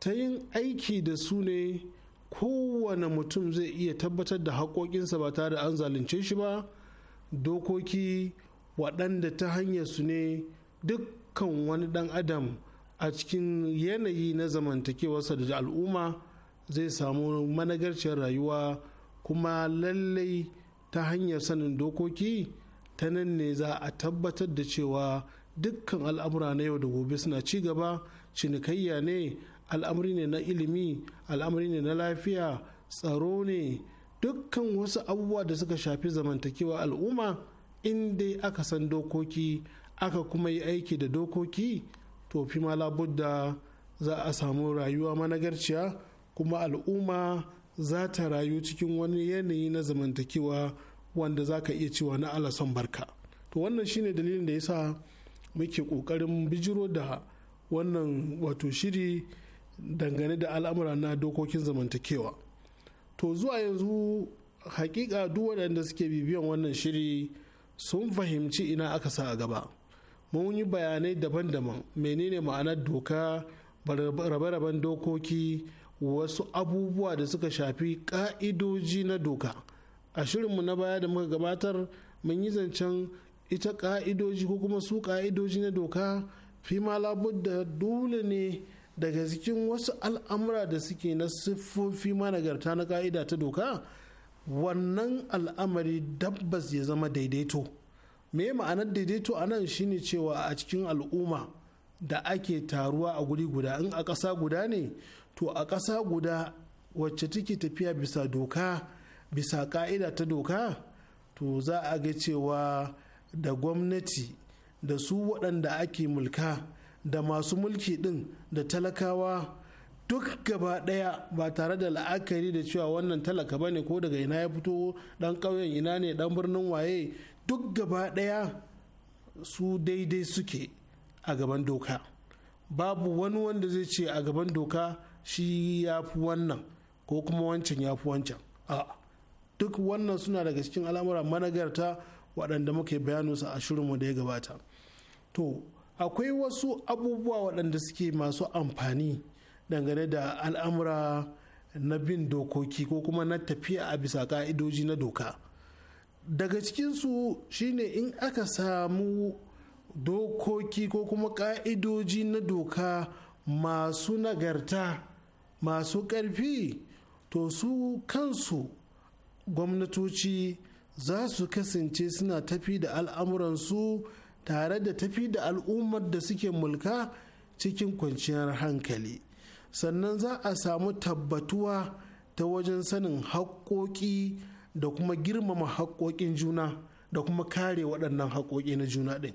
ta yin aiki da su ne kowane mutum zai iya tabbatar da haƙoƙinsa ba tare da an zalunce shi ba dokoki waɗanda ta hanyar su ne dukkan wani dan adam a cikin yanayi na zamantakewarsa da al'umma zai samu managarciyar rayuwa kuma lallai ta hanyar sanin dokoki ta nan ne za a tabbatar da cewa dukkan al'amura na yau da gobe suna ci gaba cinikayya ne al'amuri ne na ilimi al'amuri ne na lafiya tsaro ne dukkan wasu abubuwa da suka shafi zamantakewa al'umma in dai aka san dokoki aka kuma yi aiki da dokoki to fi ma labudda za a samu rayuwa managarciya kuma al'umma za ta rayu cikin wani yanayi na zamantakewa wanda za ka iya cewa na alasan barka to wannan shine dalilin da ya sa muke kokarin bijiro da wannan wato shiri dangane da al'amura na dokokin zamantakewa to zuwa yanzu hakika duk waɗanda suke bibiyan wannan shiri sun fahimci ina aka sa a gaba mun yi bayanai daban-daban menene ma'anar doka rabe-raben dokoki wasu abubuwa da suka shafi ka'idoji na doka a shirinmu na baya da muka gabatar mun yi zancen ita ka'idoji ko kuma su ka'idoji na doka fi ma labudda dole ne daga cikin wasu al'amura da suke na siffofi ma nagarta na ka'ida ta doka wannan al'amari dabbas ya zama daidaito me ma'anar daidaito a nan shine cewa a cikin al'umma da ake taruwa a guri guda in a ƙasa guda ne to a ƙasa guda wacce take tafiya bisa doka bisa ƙa'ida ta doka to za a ga cewa da gwamnati da su waɗanda ake mulka da masu mulki ɗin da talakawa duk gaba ɗaya ba tare da la'akari da cewa wannan talaka bane ko daga ina ya fito ɗan ƙauyen ina ne ɗan birnin waye duk gaba ɗaya su daidai suke a gaban doka babu wani wanda zai ce a gaban doka shi ya fi wannan ko kuma wancan ya fi wancan a duk wannan suna daga cikin al'amura managarta waɗanda muke bayanusa a shirinmu da ya gabata to akwai wasu abubuwa waɗanda suke masu amfani dangane da al'amura na bin dokoki ko kuma na tafiya a bisa ka'idoji na doka daga cikinsu shine in aka samu dokoki ko kuma ka'idoji na doka masu nagarta masu ƙarfi to su kansu gwamnatoci za su kasance suna tafi da al'amuransu tare da tafi da al'ummar da suke mulka cikin kwanciyar hankali sannan za a samu tabbatuwa ta wajen sanin haƙƙoƙi da kuma girmama haƙoƙin juna da kuma kare waɗannan haƙoƙi na juna ɗin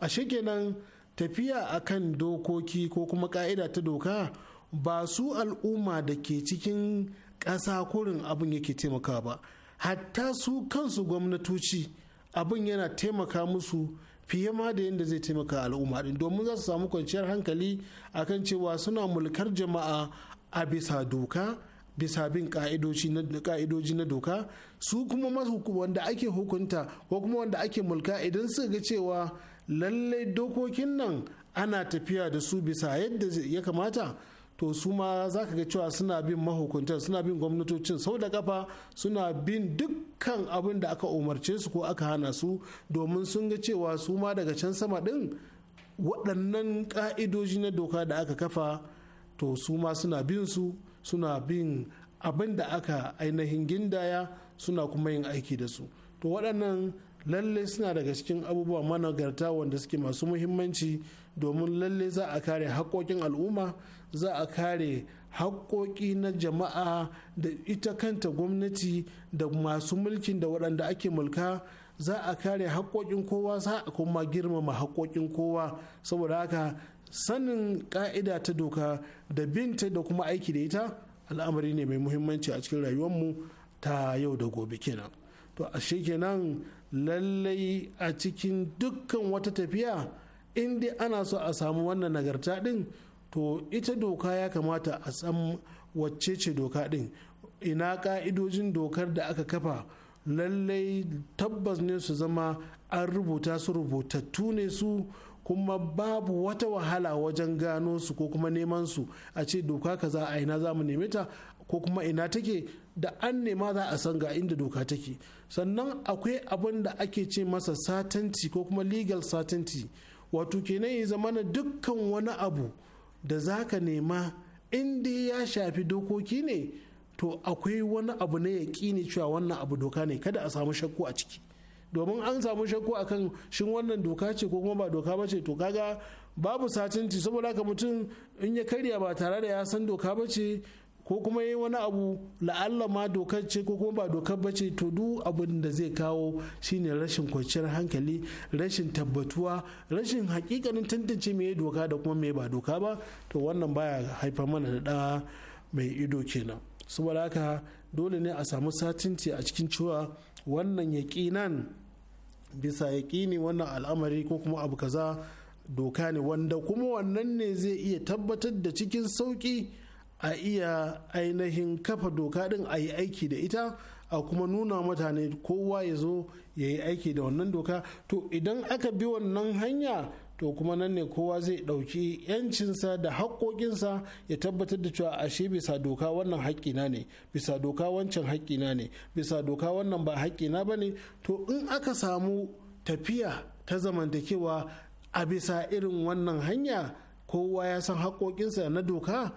a nan, tafiya a kan dokoki ko kuma ƙa'ida ta doka ba su al'umma da ke cikin ƙasa kurin abin yake taimaka ba hatta su kansu gwamnatoci abin yana taimaka musu fiye ma da yadda zai taimaka al'umma ɗin domin za su samu kwanciyar hankali akan cewa suna mulkar jama'a a bisa doka bisa bin ka'idoji na doka su kuma wanda ake hukunta ko kuma wanda ake mulka idan suka ga cewa lallai dokokin nan ana tafiya da su bisa yadda ya kamata to su ma za ka ga cewa suna bin mahukuntan suna bin gwamnatocin sau da kafa suna bin dukkan abin da aka umarce su ko aka hana su domin sun ga cewa su ma daga can sama din waɗannan ka'idoji na doka da aka kafa to su ma suna bin su suna bin abin da aka ainihin gindaya suna kuma yin aiki da su to waɗannan lalle suna daga cikin abubuwa managarta wanda suke masu muhimmanci domin lalle za a kare haƙoƙin al'umma za a kare haƙoƙi na jama'a da ita kanta gwamnati da masu mulkin da waɗanda ake mulka za a kare haƙoƙin kowa za a kuma girmama haƙoƙin kowa saboda haka sanin ka'ida ta doka da binta da kuma aiki da ita al'amari ne mai muhimmanci a cikin rayuwarmu ta yau da gobe kenan to a kenan lallai a cikin dukkan wata tafiya inda ana so a samu wannan nagarta din to ita doka ya kamata a san wacce ce doka din ina ka'idojin dokar da aka kafa lallai tabbas ne su zama an rubuta su rubutattu ne su kuma babu wata wahala wajen gano su ko kuma neman su a ce doka kaza a ina za mu neme ta ko kuma ina take da an nema za a san ga inda doka take sannan akwai abin da ake ce masa satanti ko kuma legal satanti wato kenan ya zama na dukkan wani abu da za ka nema inda ya shafi dokoki ne to akwai wani abu na yaƙini cewa wannan abu doka ne kada a samu shakku a ciki domin an samu shakku akan shin wannan doka ce ko kuma ba doka ba ce to kaga babu satinci saboda haka mutum in ya karya ba tare da ya san doka ba ce ko kuma yi wani abu la'alla ma dokar ce ko kuma ba dokar ba ce to duk abin da zai kawo shine rashin kwanciyar hankali rashin tabbatuwa rashin hakikanin tantance me doka da kuma me ba doka ba to wannan baya haifar mana da da mai ido kenan saboda haka dole ne a samu satinci a cikin cewa wannan yaƙinan bisa yaƙini wannan al'amari ko kuma abu kaza doka ne wanda kuma wannan ne zai iya tabbatar da cikin sauƙi a iya ainihin kafa doka din a yi aiki da ita a kuma nuna mutane kowa ya zo ya yi aiki da wannan doka to idan aka bi wannan hanya to kuma nan ne kowa zai ɗauki 'yancinsa da haƙoƙinsa ya tabbatar da cewa ashe bisa doka wannan haƙƙina ne bisa doka wancan haƙƙina ne bisa doka wannan ba haƙƙina ba ne to in aka samu tafiya ta zamantakewa a bisa irin wannan hanya kowa ya san haƙoƙinsa na doka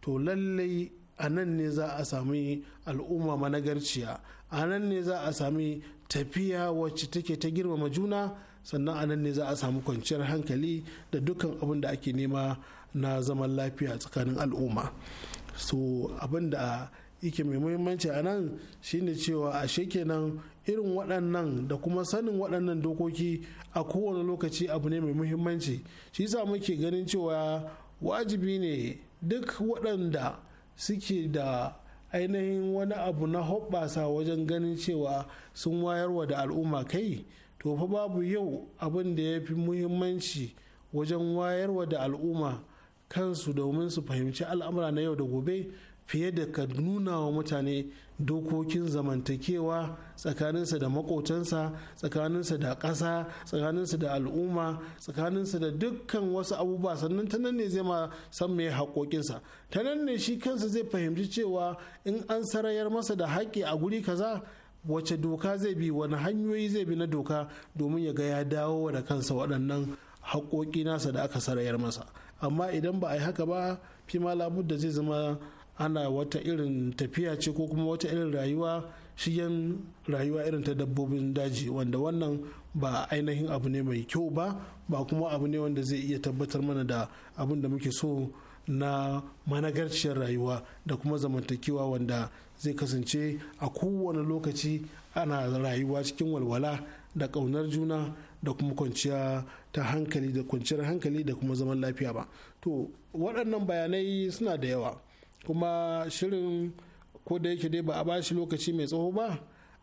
to lallai a nan ne za a sami al'umma managarciya a nan ne za a sami tafiya wacce take ta girmama juna sannan anan ne za a samu kwanciyar hankali da dukkan abin da ake nema na zaman lafiya tsakanin al'umma so abin da yake mai muhimmanci a nan shine cewa a kenan irin waɗannan da kuma sanin waɗannan dokoki a kowane lokaci abu ne mai muhimmanci shi yasa muke ganin cewa wajibi ne duk waɗanda suke da ainihin wani abu na hoɓɓasa wajen ganin cewa sun wayarwa da al'umma kai to fa babu yau abin da ya fi muhimmanci wajen wayarwa da al'umma kansu domin su fahimci al'amura na yau da gobe fiye da ka nuna wa mutane dokokin zamantakewa tsakaninsa da makotansa tsakaninsa da ƙasa tsakaninsa da al'umma tsakaninsa da dukkan wasu abubuwa sannan ta nan ne zai ma san mai haƙoƙinsa ta nan ne shi kansa zai fahimci cewa in an sarayar masa da haƙƙi a guri kaza wace doka zai bi wani hanyoyi zai bi na doka domin ya ga ya dawo da kansa waɗannan haƙoƙi nasa da aka sarayar masa amma idan ba a yi haka ba fi ma da zai zama ana wata irin tafiya ce ko kuma wata irin rayuwa shigen rayuwa irin ta dabbobin daji wanda wannan ba ainihin abu ne mai kyau ba ba kuma abu ne wanda zai iya tabbatar mana da abin da muke so na managarciyar rayuwa da kuma zamantakewa wanda zai kasance a kowane lokaci ana rayuwa cikin walwala da ƙaunar juna da kuma kwanciya ta hankali da kwanciyar hankali da kuma zaman lafiya ba to waɗannan bayanai suna da yawa kuma shirin ko da yake dai ba a ba shi lokaci mai tsawo ba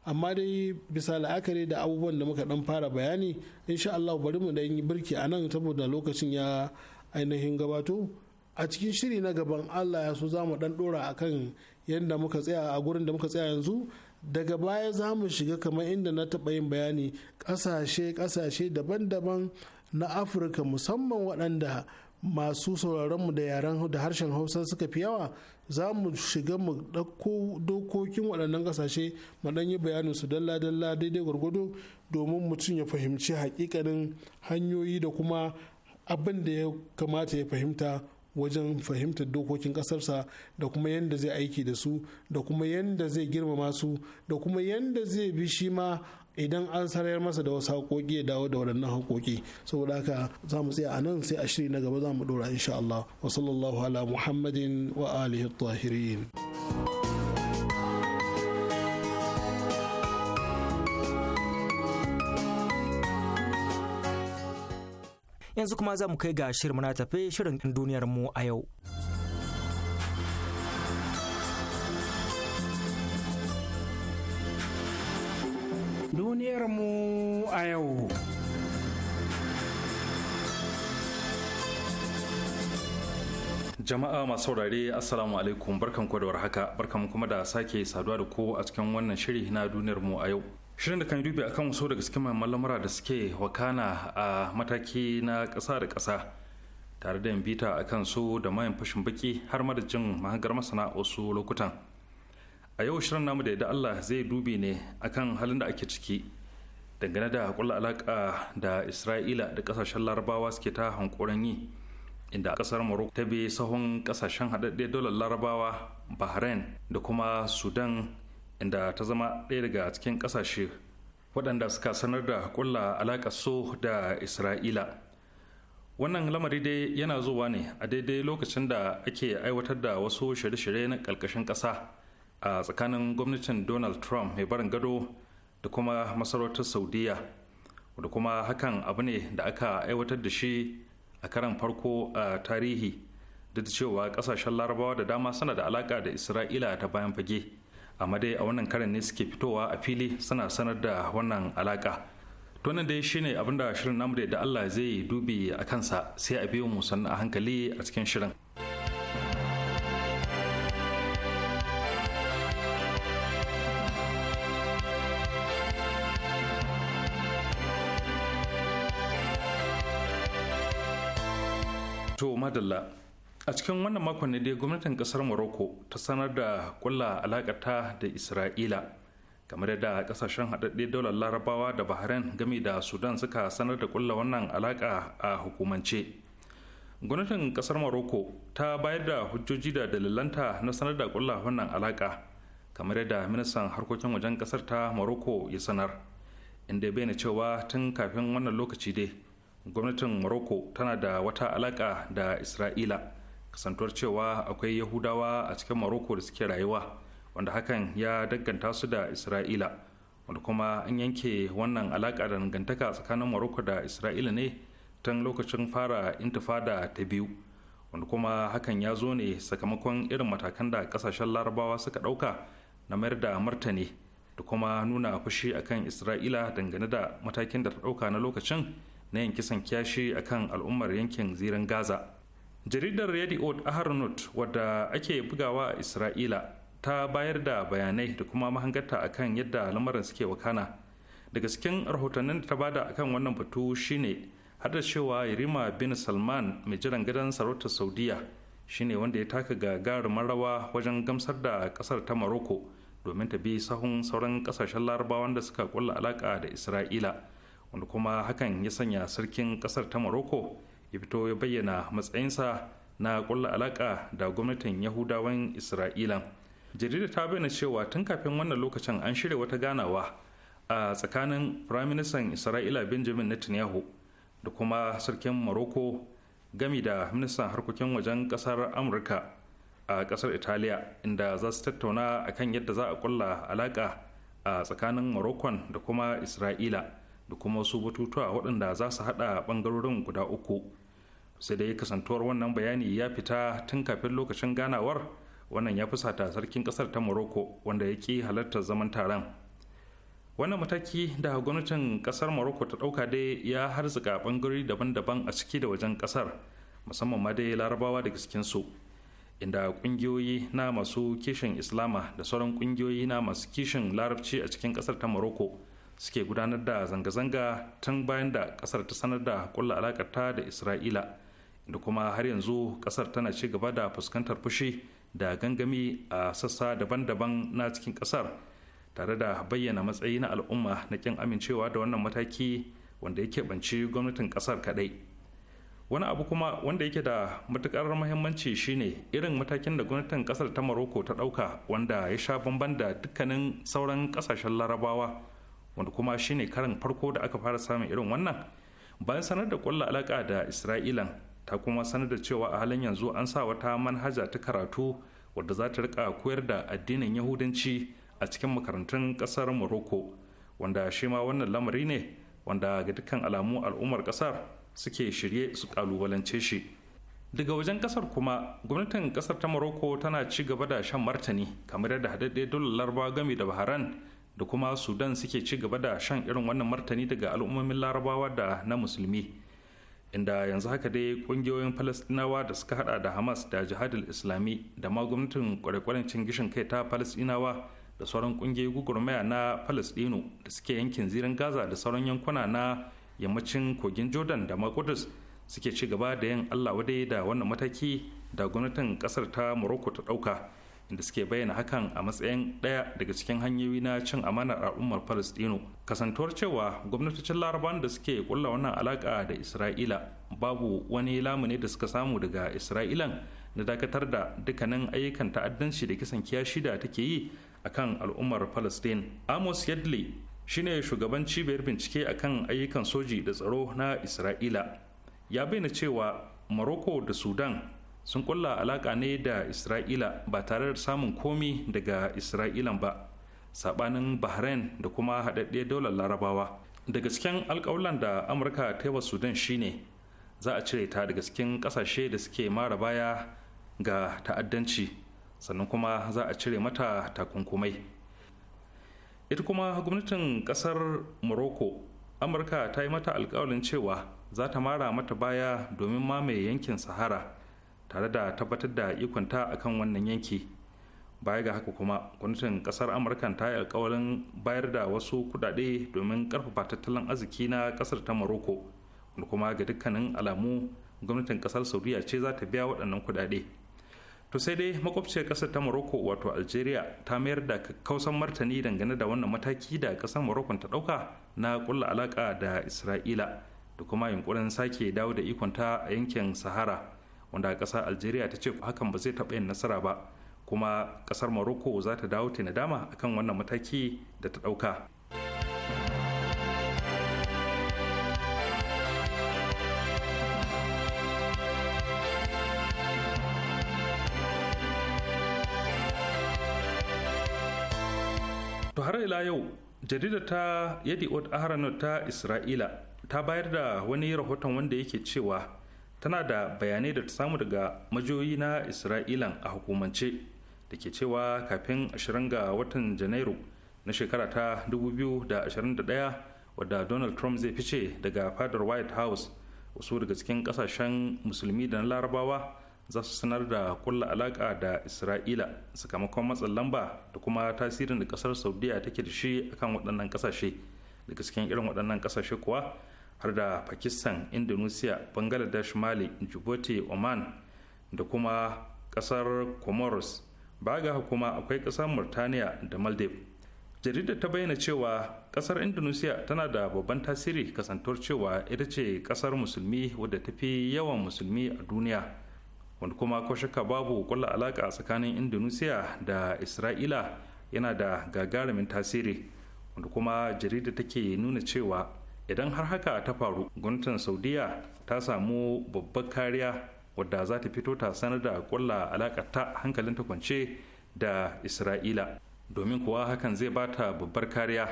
amma dai bisa la'akari da abubuwan da muka dan fara bayani insha Allah bari mu dan yi birki a nan saboda lokacin ya ainihin gabato a cikin shiri na gaban Allah ya so za mu dan dora akan yadda muka tsaya a gurin da muka tsaya yanzu daga baya za mu shiga kamar inda na taɓa yin bayani ƙasashe ƙasashe daban-daban na afirka musamman waɗanda masu sauraronmu da yaren da harshen hausa suka fi yawa za mu shiga mu ɗauko dokokin waɗannan ƙasashe mu ɗan yi bayanin su dalla-dalla daidai gwargwado domin mutum ya fahimci hakikanin hanyoyi da kuma abin da ya kamata ya fahimta wajen fahimtar dokokin ƙasarsa da kuma yadda zai aiki da su da kuma yadda zai girmama su da kuma yadda zai bi shi ma idan an sarayar masa da wasu haƙoƙi ya dawo da waɗannan haƙoƙi saboda haka za mu tsaya a nan sai a shiri na gaba za mu ɗora insha Allah wa sallallahu ala muhammadin wa alihi tahirin yanzu kuma za mu kai ga shirin na tafe shirin duniyar mu a yau duniyarmu a yau. jama'a masu saurare assalamu alaikum barkan ku da warhaka barkan kuma da sake saduwa da ku a cikin wannan shiri na duniyar mu a yau shirin da kan yi dubi akan wasu daga cikin mahimman lamura da suke wakana a mataki na ƙasa da ƙasa tare da bita akan su da mayan fashin baki har ma da jin mahangar masana wasu lokutan a yau shirin namu da yadda allah zai dubi ne akan halin da ake ciki dangane da hakula alaka da isra'ila da kasashen larabawa suke ta hankoran yi inda kasar morocco ta bi sahun kasashen haɗaɗɗe dolar larabawa bahrain da kuma sudan inda ta zama ɗaya daga cikin kasashe waɗanda suka sanar da kulla alaƙa so da isra'ila wannan lamari dai yana zuwa ne a daidai lokacin da ake aiwatar da wasu shirye-shirye na ƙarƙashin ƙasa a tsakanin gwamnatin donald trump mai barin gado da kuma masarautar saudiya da kuma hakan abu ne da aka aiwatar da shi a karan farko a tarihi duk da cewa kasashen larabawa da dama suna da alaka da isra'ila ta bayan fage amma dai a wannan karan ne suke fitowa a fili suna sanar da wannan alaka tunan dai shine abinda da shirin namu da allah zai dubi a kansa sai a biyo mu sannan a hankali a cikin shirin madalla a cikin wannan makon ne dai gwamnatin kasar morocco ta sanar da kulla alakata da isra'ila kamar yadda kasashen haɗaɗɗe daular larabawa da bahrain game da sudan suka sanar da kulla wannan alaƙa a hukumance gwamnatin kasar morocco ta bayar da hujjoji da dalilanta na sanar da kulla wannan alaƙa kamar yadda ministan harkokin wajen kasar ta morocco ya sanar inda ya bayyana cewa tun kafin wannan lokaci dai gwamnatin morocco tana da wata alaka da isra'ila kasantuwar cewa akwai yahudawa a cikin morocco da suke rayuwa wanda hakan ya danganta su da isra'ila wanda kuma an yanke wannan alaka da dangantaka tsakanin morocco da isra'ila ne tun lokacin fara intifada ta biyu wanda kuma hakan ya zo ne sakamakon irin matakan da kasashen larabawa suka dauka na mayar da martani da kuma nuna fushi akan isra'ila dangane da matakin da ta dauka na lokacin na yin kisan kyashi kan al'ummar yankin ziren gaza jaridar yadiot aharnot wadda ake bugawa a isra'ila ta bayar da bayanai da kuma mahangarta kan yadda lamarin suke wakana daga cikin rahotannin da ta bada a kan wannan batu shine har da cewa yarima bin salman mai jiran gidan sarauta saudiya shine wanda ya taka gagarumin rawa wajen gamsar da kasar ta maroko domin ta bi sahun sauran kasashen larabawan da suka kulla alaka da isra'ila wanda kuma hakan ya sanya sarkin kasar ta morocco ya fito ya bayyana matsayinsa na kulla alaka da gwamnatin yahudawan isra'ila jarida ta bayyana cewa tun kafin wannan lokacin an shirya wata ganawa a tsakanin firaministan isra'ila benjamin netanyahu da kuma sarkin morocco gami da ministan harkokin wajen kasar amurka a kasar italiya inda za su tattauna akan yadda za a kulla alaka a tsakanin morocco da kuma isra'ila da kuma wasu batutuwa waɗanda za su haɗa ɓangarorin guda uku sai dai kasantuwar wannan bayani ya fita tun kafin lokacin ganawar wannan ya fusata sarkin ƙasar ta morocco wanda ya ki halartar zaman taron wannan mataki da gwamnatin ƙasar morocco ta ɗauka dai ya harzika ɓangarori daban-daban a ciki da wajen ƙasar musamman ma dai larabawa daga su inda ƙungiyoyi na masu kishin islama da sauran ƙungiyoyi na masu kishin larabci a cikin ƙasar ta morocco suke gudanar da zanga-zanga tun bayan da kasar ta sanar da kulla alakarta da isra'ila da kuma har yanzu kasar tana ci gaba da fuskantar fushi da gangami a sassa daban-daban na cikin kasar tare da bayyana matsayi na al'umma na kin amincewa da wannan mataki wanda ya banci gwamnatin kasar kaɗai wani abu kuma wanda yake da matukar muhimmanci shine irin matakin da gwamnatin kasar ta maroko ta ɗauka wanda ya sha bamban da dukkanin sauran ƙasashen larabawa wanda kuma shine karin farko da aka fara samun irin wannan bayan sanar da kwallo alaka da isra'ilan ta kuma sanar da cewa a halin yanzu an sa wata manhaja ta karatu wadda za ta rika koyar da addinin yahudanci a cikin makarantun kasar morocco wanda shi ma wannan lamari ne wanda ga dukkan alamu al'ummar kasar suke shirye su kalubalance shi daga wajen kasar kuma gwamnatin kasar ta morocco tana ci gaba da shan martani kamar yadda haɗaɗɗe dole larba gami da baharan da kuma sudan suke ci gaba da shan irin wannan martani daga al'ummomin larabawa da na musulmi inda yanzu haka dai kungiyoyin falastinawa da suka hada da hamas da jihadul islami da ma gwamnatin kwarekwarancin gishin kai ta falastinawa da sauran kungiyoyi gugurmaya na falastinu da suke yankin zirin gaza da sauran yankuna na yammacin kogin jordan da ma suke ci gaba da yin allah wadai da wannan mataki da gwamnatin kasar ta morocco ta ɗauka. da suke bayyana hakan a matsayin ɗaya daga cikin hanyoyi na cin amanar al'ummar palestino kasantuwar cewa gwamnatocin laraban da suke kulla wannan alaƙa da isra'ila babu wani lamuni da suka samu daga isra'ilan na dakatar da dukkanin ayyukan ta'addanci da kisan kiyashi da take yi akan al'ummar palestine amos yadley shine shugaban cibiyar bincike akan ayyukan soji da tsaro na isra'ila ya bayyana cewa morocco da sudan sun kulla alaka ne da isra'ila ba tare da samun komi daga isra'ilan ba sabanin bahrain da kuma haɗaɗɗiyar daular larabawa daga cikin alkawalan da amurka ta yi wa sudan shine za a cire ta daga cikin ƙasashe da suke mara baya ga ta'addanci sannan kuma za a cire mata takunkumai ita kuma gwamnatin ƙasar morocco amurka ta yi mata alkawalin cewa za ta mara mata baya domin mamaye yankin sahara tare da tabbatar da ikonta a kan wannan yanki baya ga haka kuma gwamnatin kasar amurka ta yi alkawarin bayar da wasu kudade domin karfafa tattalin arziki na kasar ta morocco wanda kuma ga dukkanin alamu gwamnatin kasar saudiya ce za ta biya waɗannan kudade to sai dai makwabciyar kasar ta maroko wato algeria ta mayar da kausan martani dangane da wannan mataki da kasar morocco ta ɗauka na kulla alaka da isra'ila da kuma yunkurin sake dawo da ikonta a yankin sahara wanda ƙasar algeria ta ce hakan ba zai taɓa yin nasara ba kuma ƙasar morocco za ta dawo ta nadama akan wannan mataki da ta ɗauka to har ila yau jaridar ta yadi ot aharanot ta isra'ila ta bayar da wani rahoton wanda yake cewa tana da bayanai da ta samu daga majoyi na isra'ilan a hukumance da ke cewa kafin 20 ga watan janairu na shekara ta 2021 wadda donald trump zai fice daga fadar white house wasu daga cikin kasashen musulmi da na larabawa za su sanar da kulla alaka da isra'ila sakamakon matsin lamba da kuma tasirin da kasar saudiya take da shi akan waɗannan kasashe daga cikin irin waɗannan kasashe kuwa har da pakistan indonesia bangladesh mali djibouti oman da kuma kasar comoros baga kuma akwai kasar murtaniya da maldives jaridar ta bayyana cewa kasar indonesia tana da babban tasiri kasantar cewa ita ce kasar musulmi wadda ta fi yawan musulmi a duniya wanda kuma ko babu kula alaka tsakanin indonesia da isra'ila yana da gagarumin tasiri wanda kuma jarida take nuna cewa idan har haka ta faru gwamnatin saudiya ta samu babbar kariya wadda za ta fito ta sanar da kulla alaƙa ta hankalin ta kwance da isra'ila domin kuwa hakan zai ba ta babbar kariya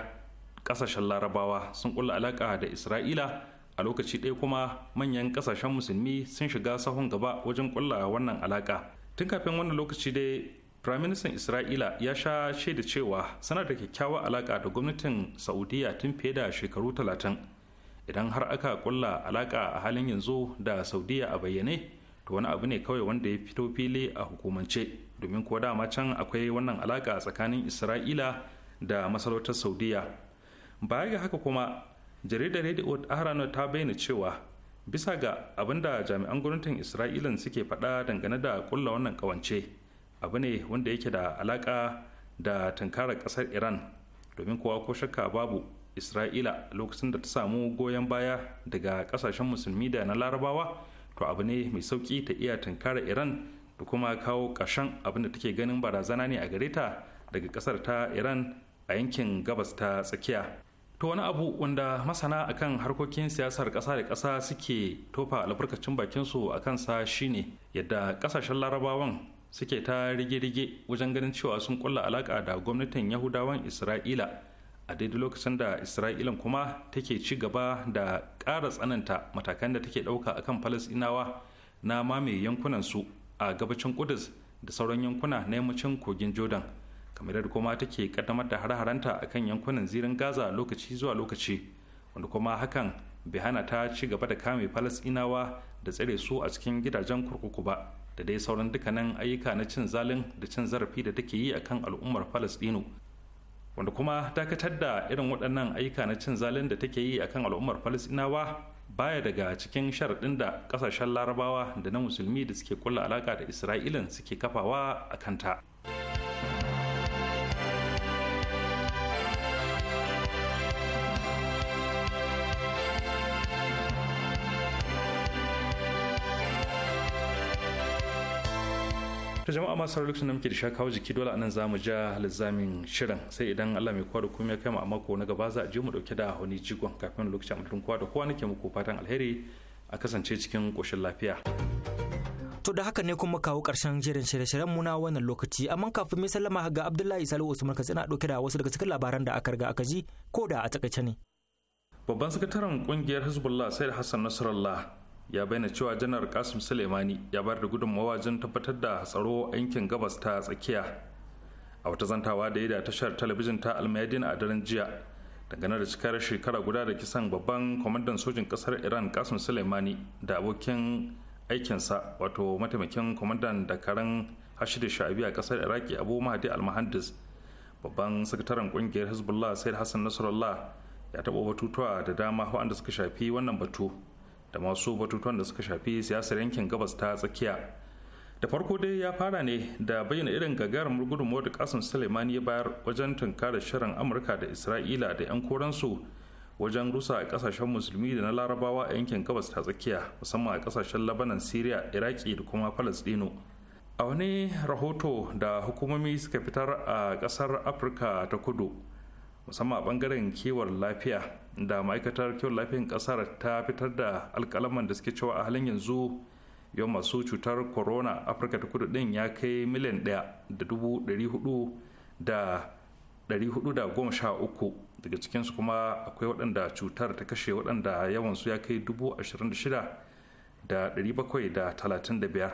ƙasashen larabawa sun kulla alaƙa da isra'ila a lokaci ɗaya kuma manyan ƙasashen musulmi sun shiga sahun gaba wajen kulla wannan alaƙa tun kafin wannan lokaci dai firaministan isra'ila ya sha shaida cewa suna da kyakkyawar alaka da gwamnatin saudiya tun fiye da shekaru talatin idan har aka kulla alaka a halin yanzu da saudiya a bayyane to wani abu ne kawai wanda ya fito fili a hukumance domin kuwa dama can akwai wannan alaka tsakanin isra'ila da masarautar saudiya baya ga haka kuma jaridar radio ahrano ta bayyana cewa bisa ga abin da jami'an gwamnatin isra'ilan suke faɗa dangane da kulla wannan kawance abu ne wanda yake da alaka da tunkarar kasar iran domin kowa ko shakka babu isra'ila lokacin da ta samu goyon baya daga kasashen musulmi da na larabawa to abu ne mai sauki ta iya tunkarar iran da kuma kawo ƙarshen abin da take ganin barazana ne a gare ta daga kasar ta iran a yankin gabas ta tsakiya to wani abu wanda masana akan harkokin siyasar ƙasa da ƙasa suke tofa albarkacin bakinsu a kansa shine yadda ƙasashen larabawan suke ta rige-rige wajen ganin cewa sun kulla alaka da gwamnatin yahudawan isra'ila a daidai lokacin da isra'ilan kuma take ci gaba da ƙara tsananta matakan da take ɗauka akan falasinawa na mamaye yankunan su a gabacin kudus da sauran yankuna na yammacin kogin jordan kamar yadda kuma take kaddamar da har-haranta akan yankunan zirin gaza lokaci zuwa lokaci wanda kuma hakan bai hana ta ci gaba da kame falasinawa da tsare su a cikin gidajen kurkuku ba da dai sauran dukkanin ayyuka na cin zalin da cin zarafi da take yi akan al'ummar falastinu wanda kuma dakatar da irin waɗannan ayyuka na cin zalin da take yi akan al'ummar falastinawa baya daga cikin sharaɗin da ƙasashen larabawa da na musulmi da suke kulla alaƙa da isra'ilan suke kafawa a kanta to jama'a masu sauran lokacin da muke da sha kawo jiki dole anan zamu ja lizamin shirin sai idan Allah mai kowa da kuma ya kai mu a mako na gaba za a je mu dauke da wani jigon kafin lokacin mutum kowa da kowa nake muku fatan alheri a kasance cikin koshin lafiya. To da haka ne kuma kawo karshen jerin shirye-shiryen mu na wannan lokaci amma kafin mai sallama ga Abdullahi Salihu Usman Katsina ɗauke da wasu daga cikin labaran da aka riga aka ji ko da a takaice ne. Babban sakataren kungiyar Hezbollah Said Hassan Nasrallah ya bayyana cewa janar kasim suleimani ya bayar da gudunmawa wajen tabbatar da tsaro a yankin gabas ta tsakiya a wata zantawa da ya da tashar talabijin ta almayadin a daren jiya dangane da cikar shekara guda da kisan babban kwamandan sojin kasar iran kasim suleimani da abokin aikinsa wato mataimakin kwamandan dakarun da sha'abi a kasar iraki abu mahdi almahandis babban sakataren kungiyar hezbollah sai hassan nasrallah ya taɓa batutuwa da dama waɗanda suka shafi wannan batu da masu batutuwan da suka shafi siyasar yankin gabas ta tsakiya da farko dai ya fara ne da bayyana irin gagarumar gudunmawar da kasan suleimani ya bayar wajen tunkarar shirin amurka da isra'ila da 'yan koransu wajen rusa a kasashen musulmi da na larabawa a yankin gabas ta tsakiya musamman a kasashen labanan syria iraki da kuma palestino a wani rahoto da hukumomi suka fitar a kasar afirka ta kudu musamman a bangaren kewar lafiya da ma'aikatar kiwon lafiyan kasar ta fitar da alkalaman da suke cewa a halin yanzu yau masu cutar corona afirka ta kudu din ya kai miliyan daya da dubu ɗari hudu da dari hudu da goma sha uku daga cikinsu kuma akwai waɗanda cutar ta kashe waɗanda yawansu ya kai dubu ashirin da shida da ɗari bakwai da talatin da biyar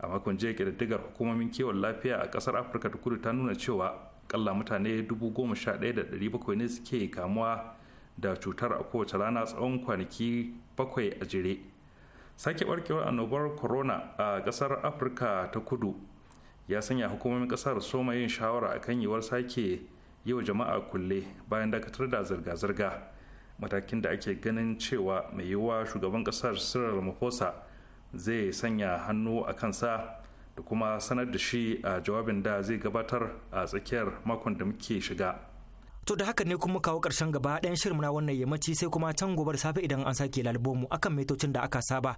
a makon jiya ƙididdigar hukumomin kiwon lafiya a ƙasar afirka ta kudu ta nuna cewa kalla mutane 11,700 ne suke kamuwa da cutar a kowace rana tsawon kwanaki bakwai a jere sake barkewar annobar corona a kasar afirka ta kudu ya sanya hukumomin kasar soma yin shawara akan yiwuwar sake yi wa jama'a kulle bayan dakatar da zirga-zirga matakin da ake ganin cewa mai yiwuwa shugaban kasar sirar mafosa zai sanya hannu a kansa da kuma sanar da shi a jawabin da zai gabatar a tsakiyar makon da muke shiga to da haka ne kuma kawo karshen gaba ɗayan shirin na wannan yammaci sai kuma can gobe da safe idan an sake lalbomu akan metocin da aka saba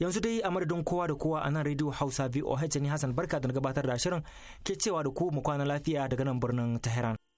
yanzu dai a madadin kowa da kowa a nan radio hausa voh ne hassan barka da gabatar da shirin ke cewa da ku mu kwana lafiya daga nan birnin tehran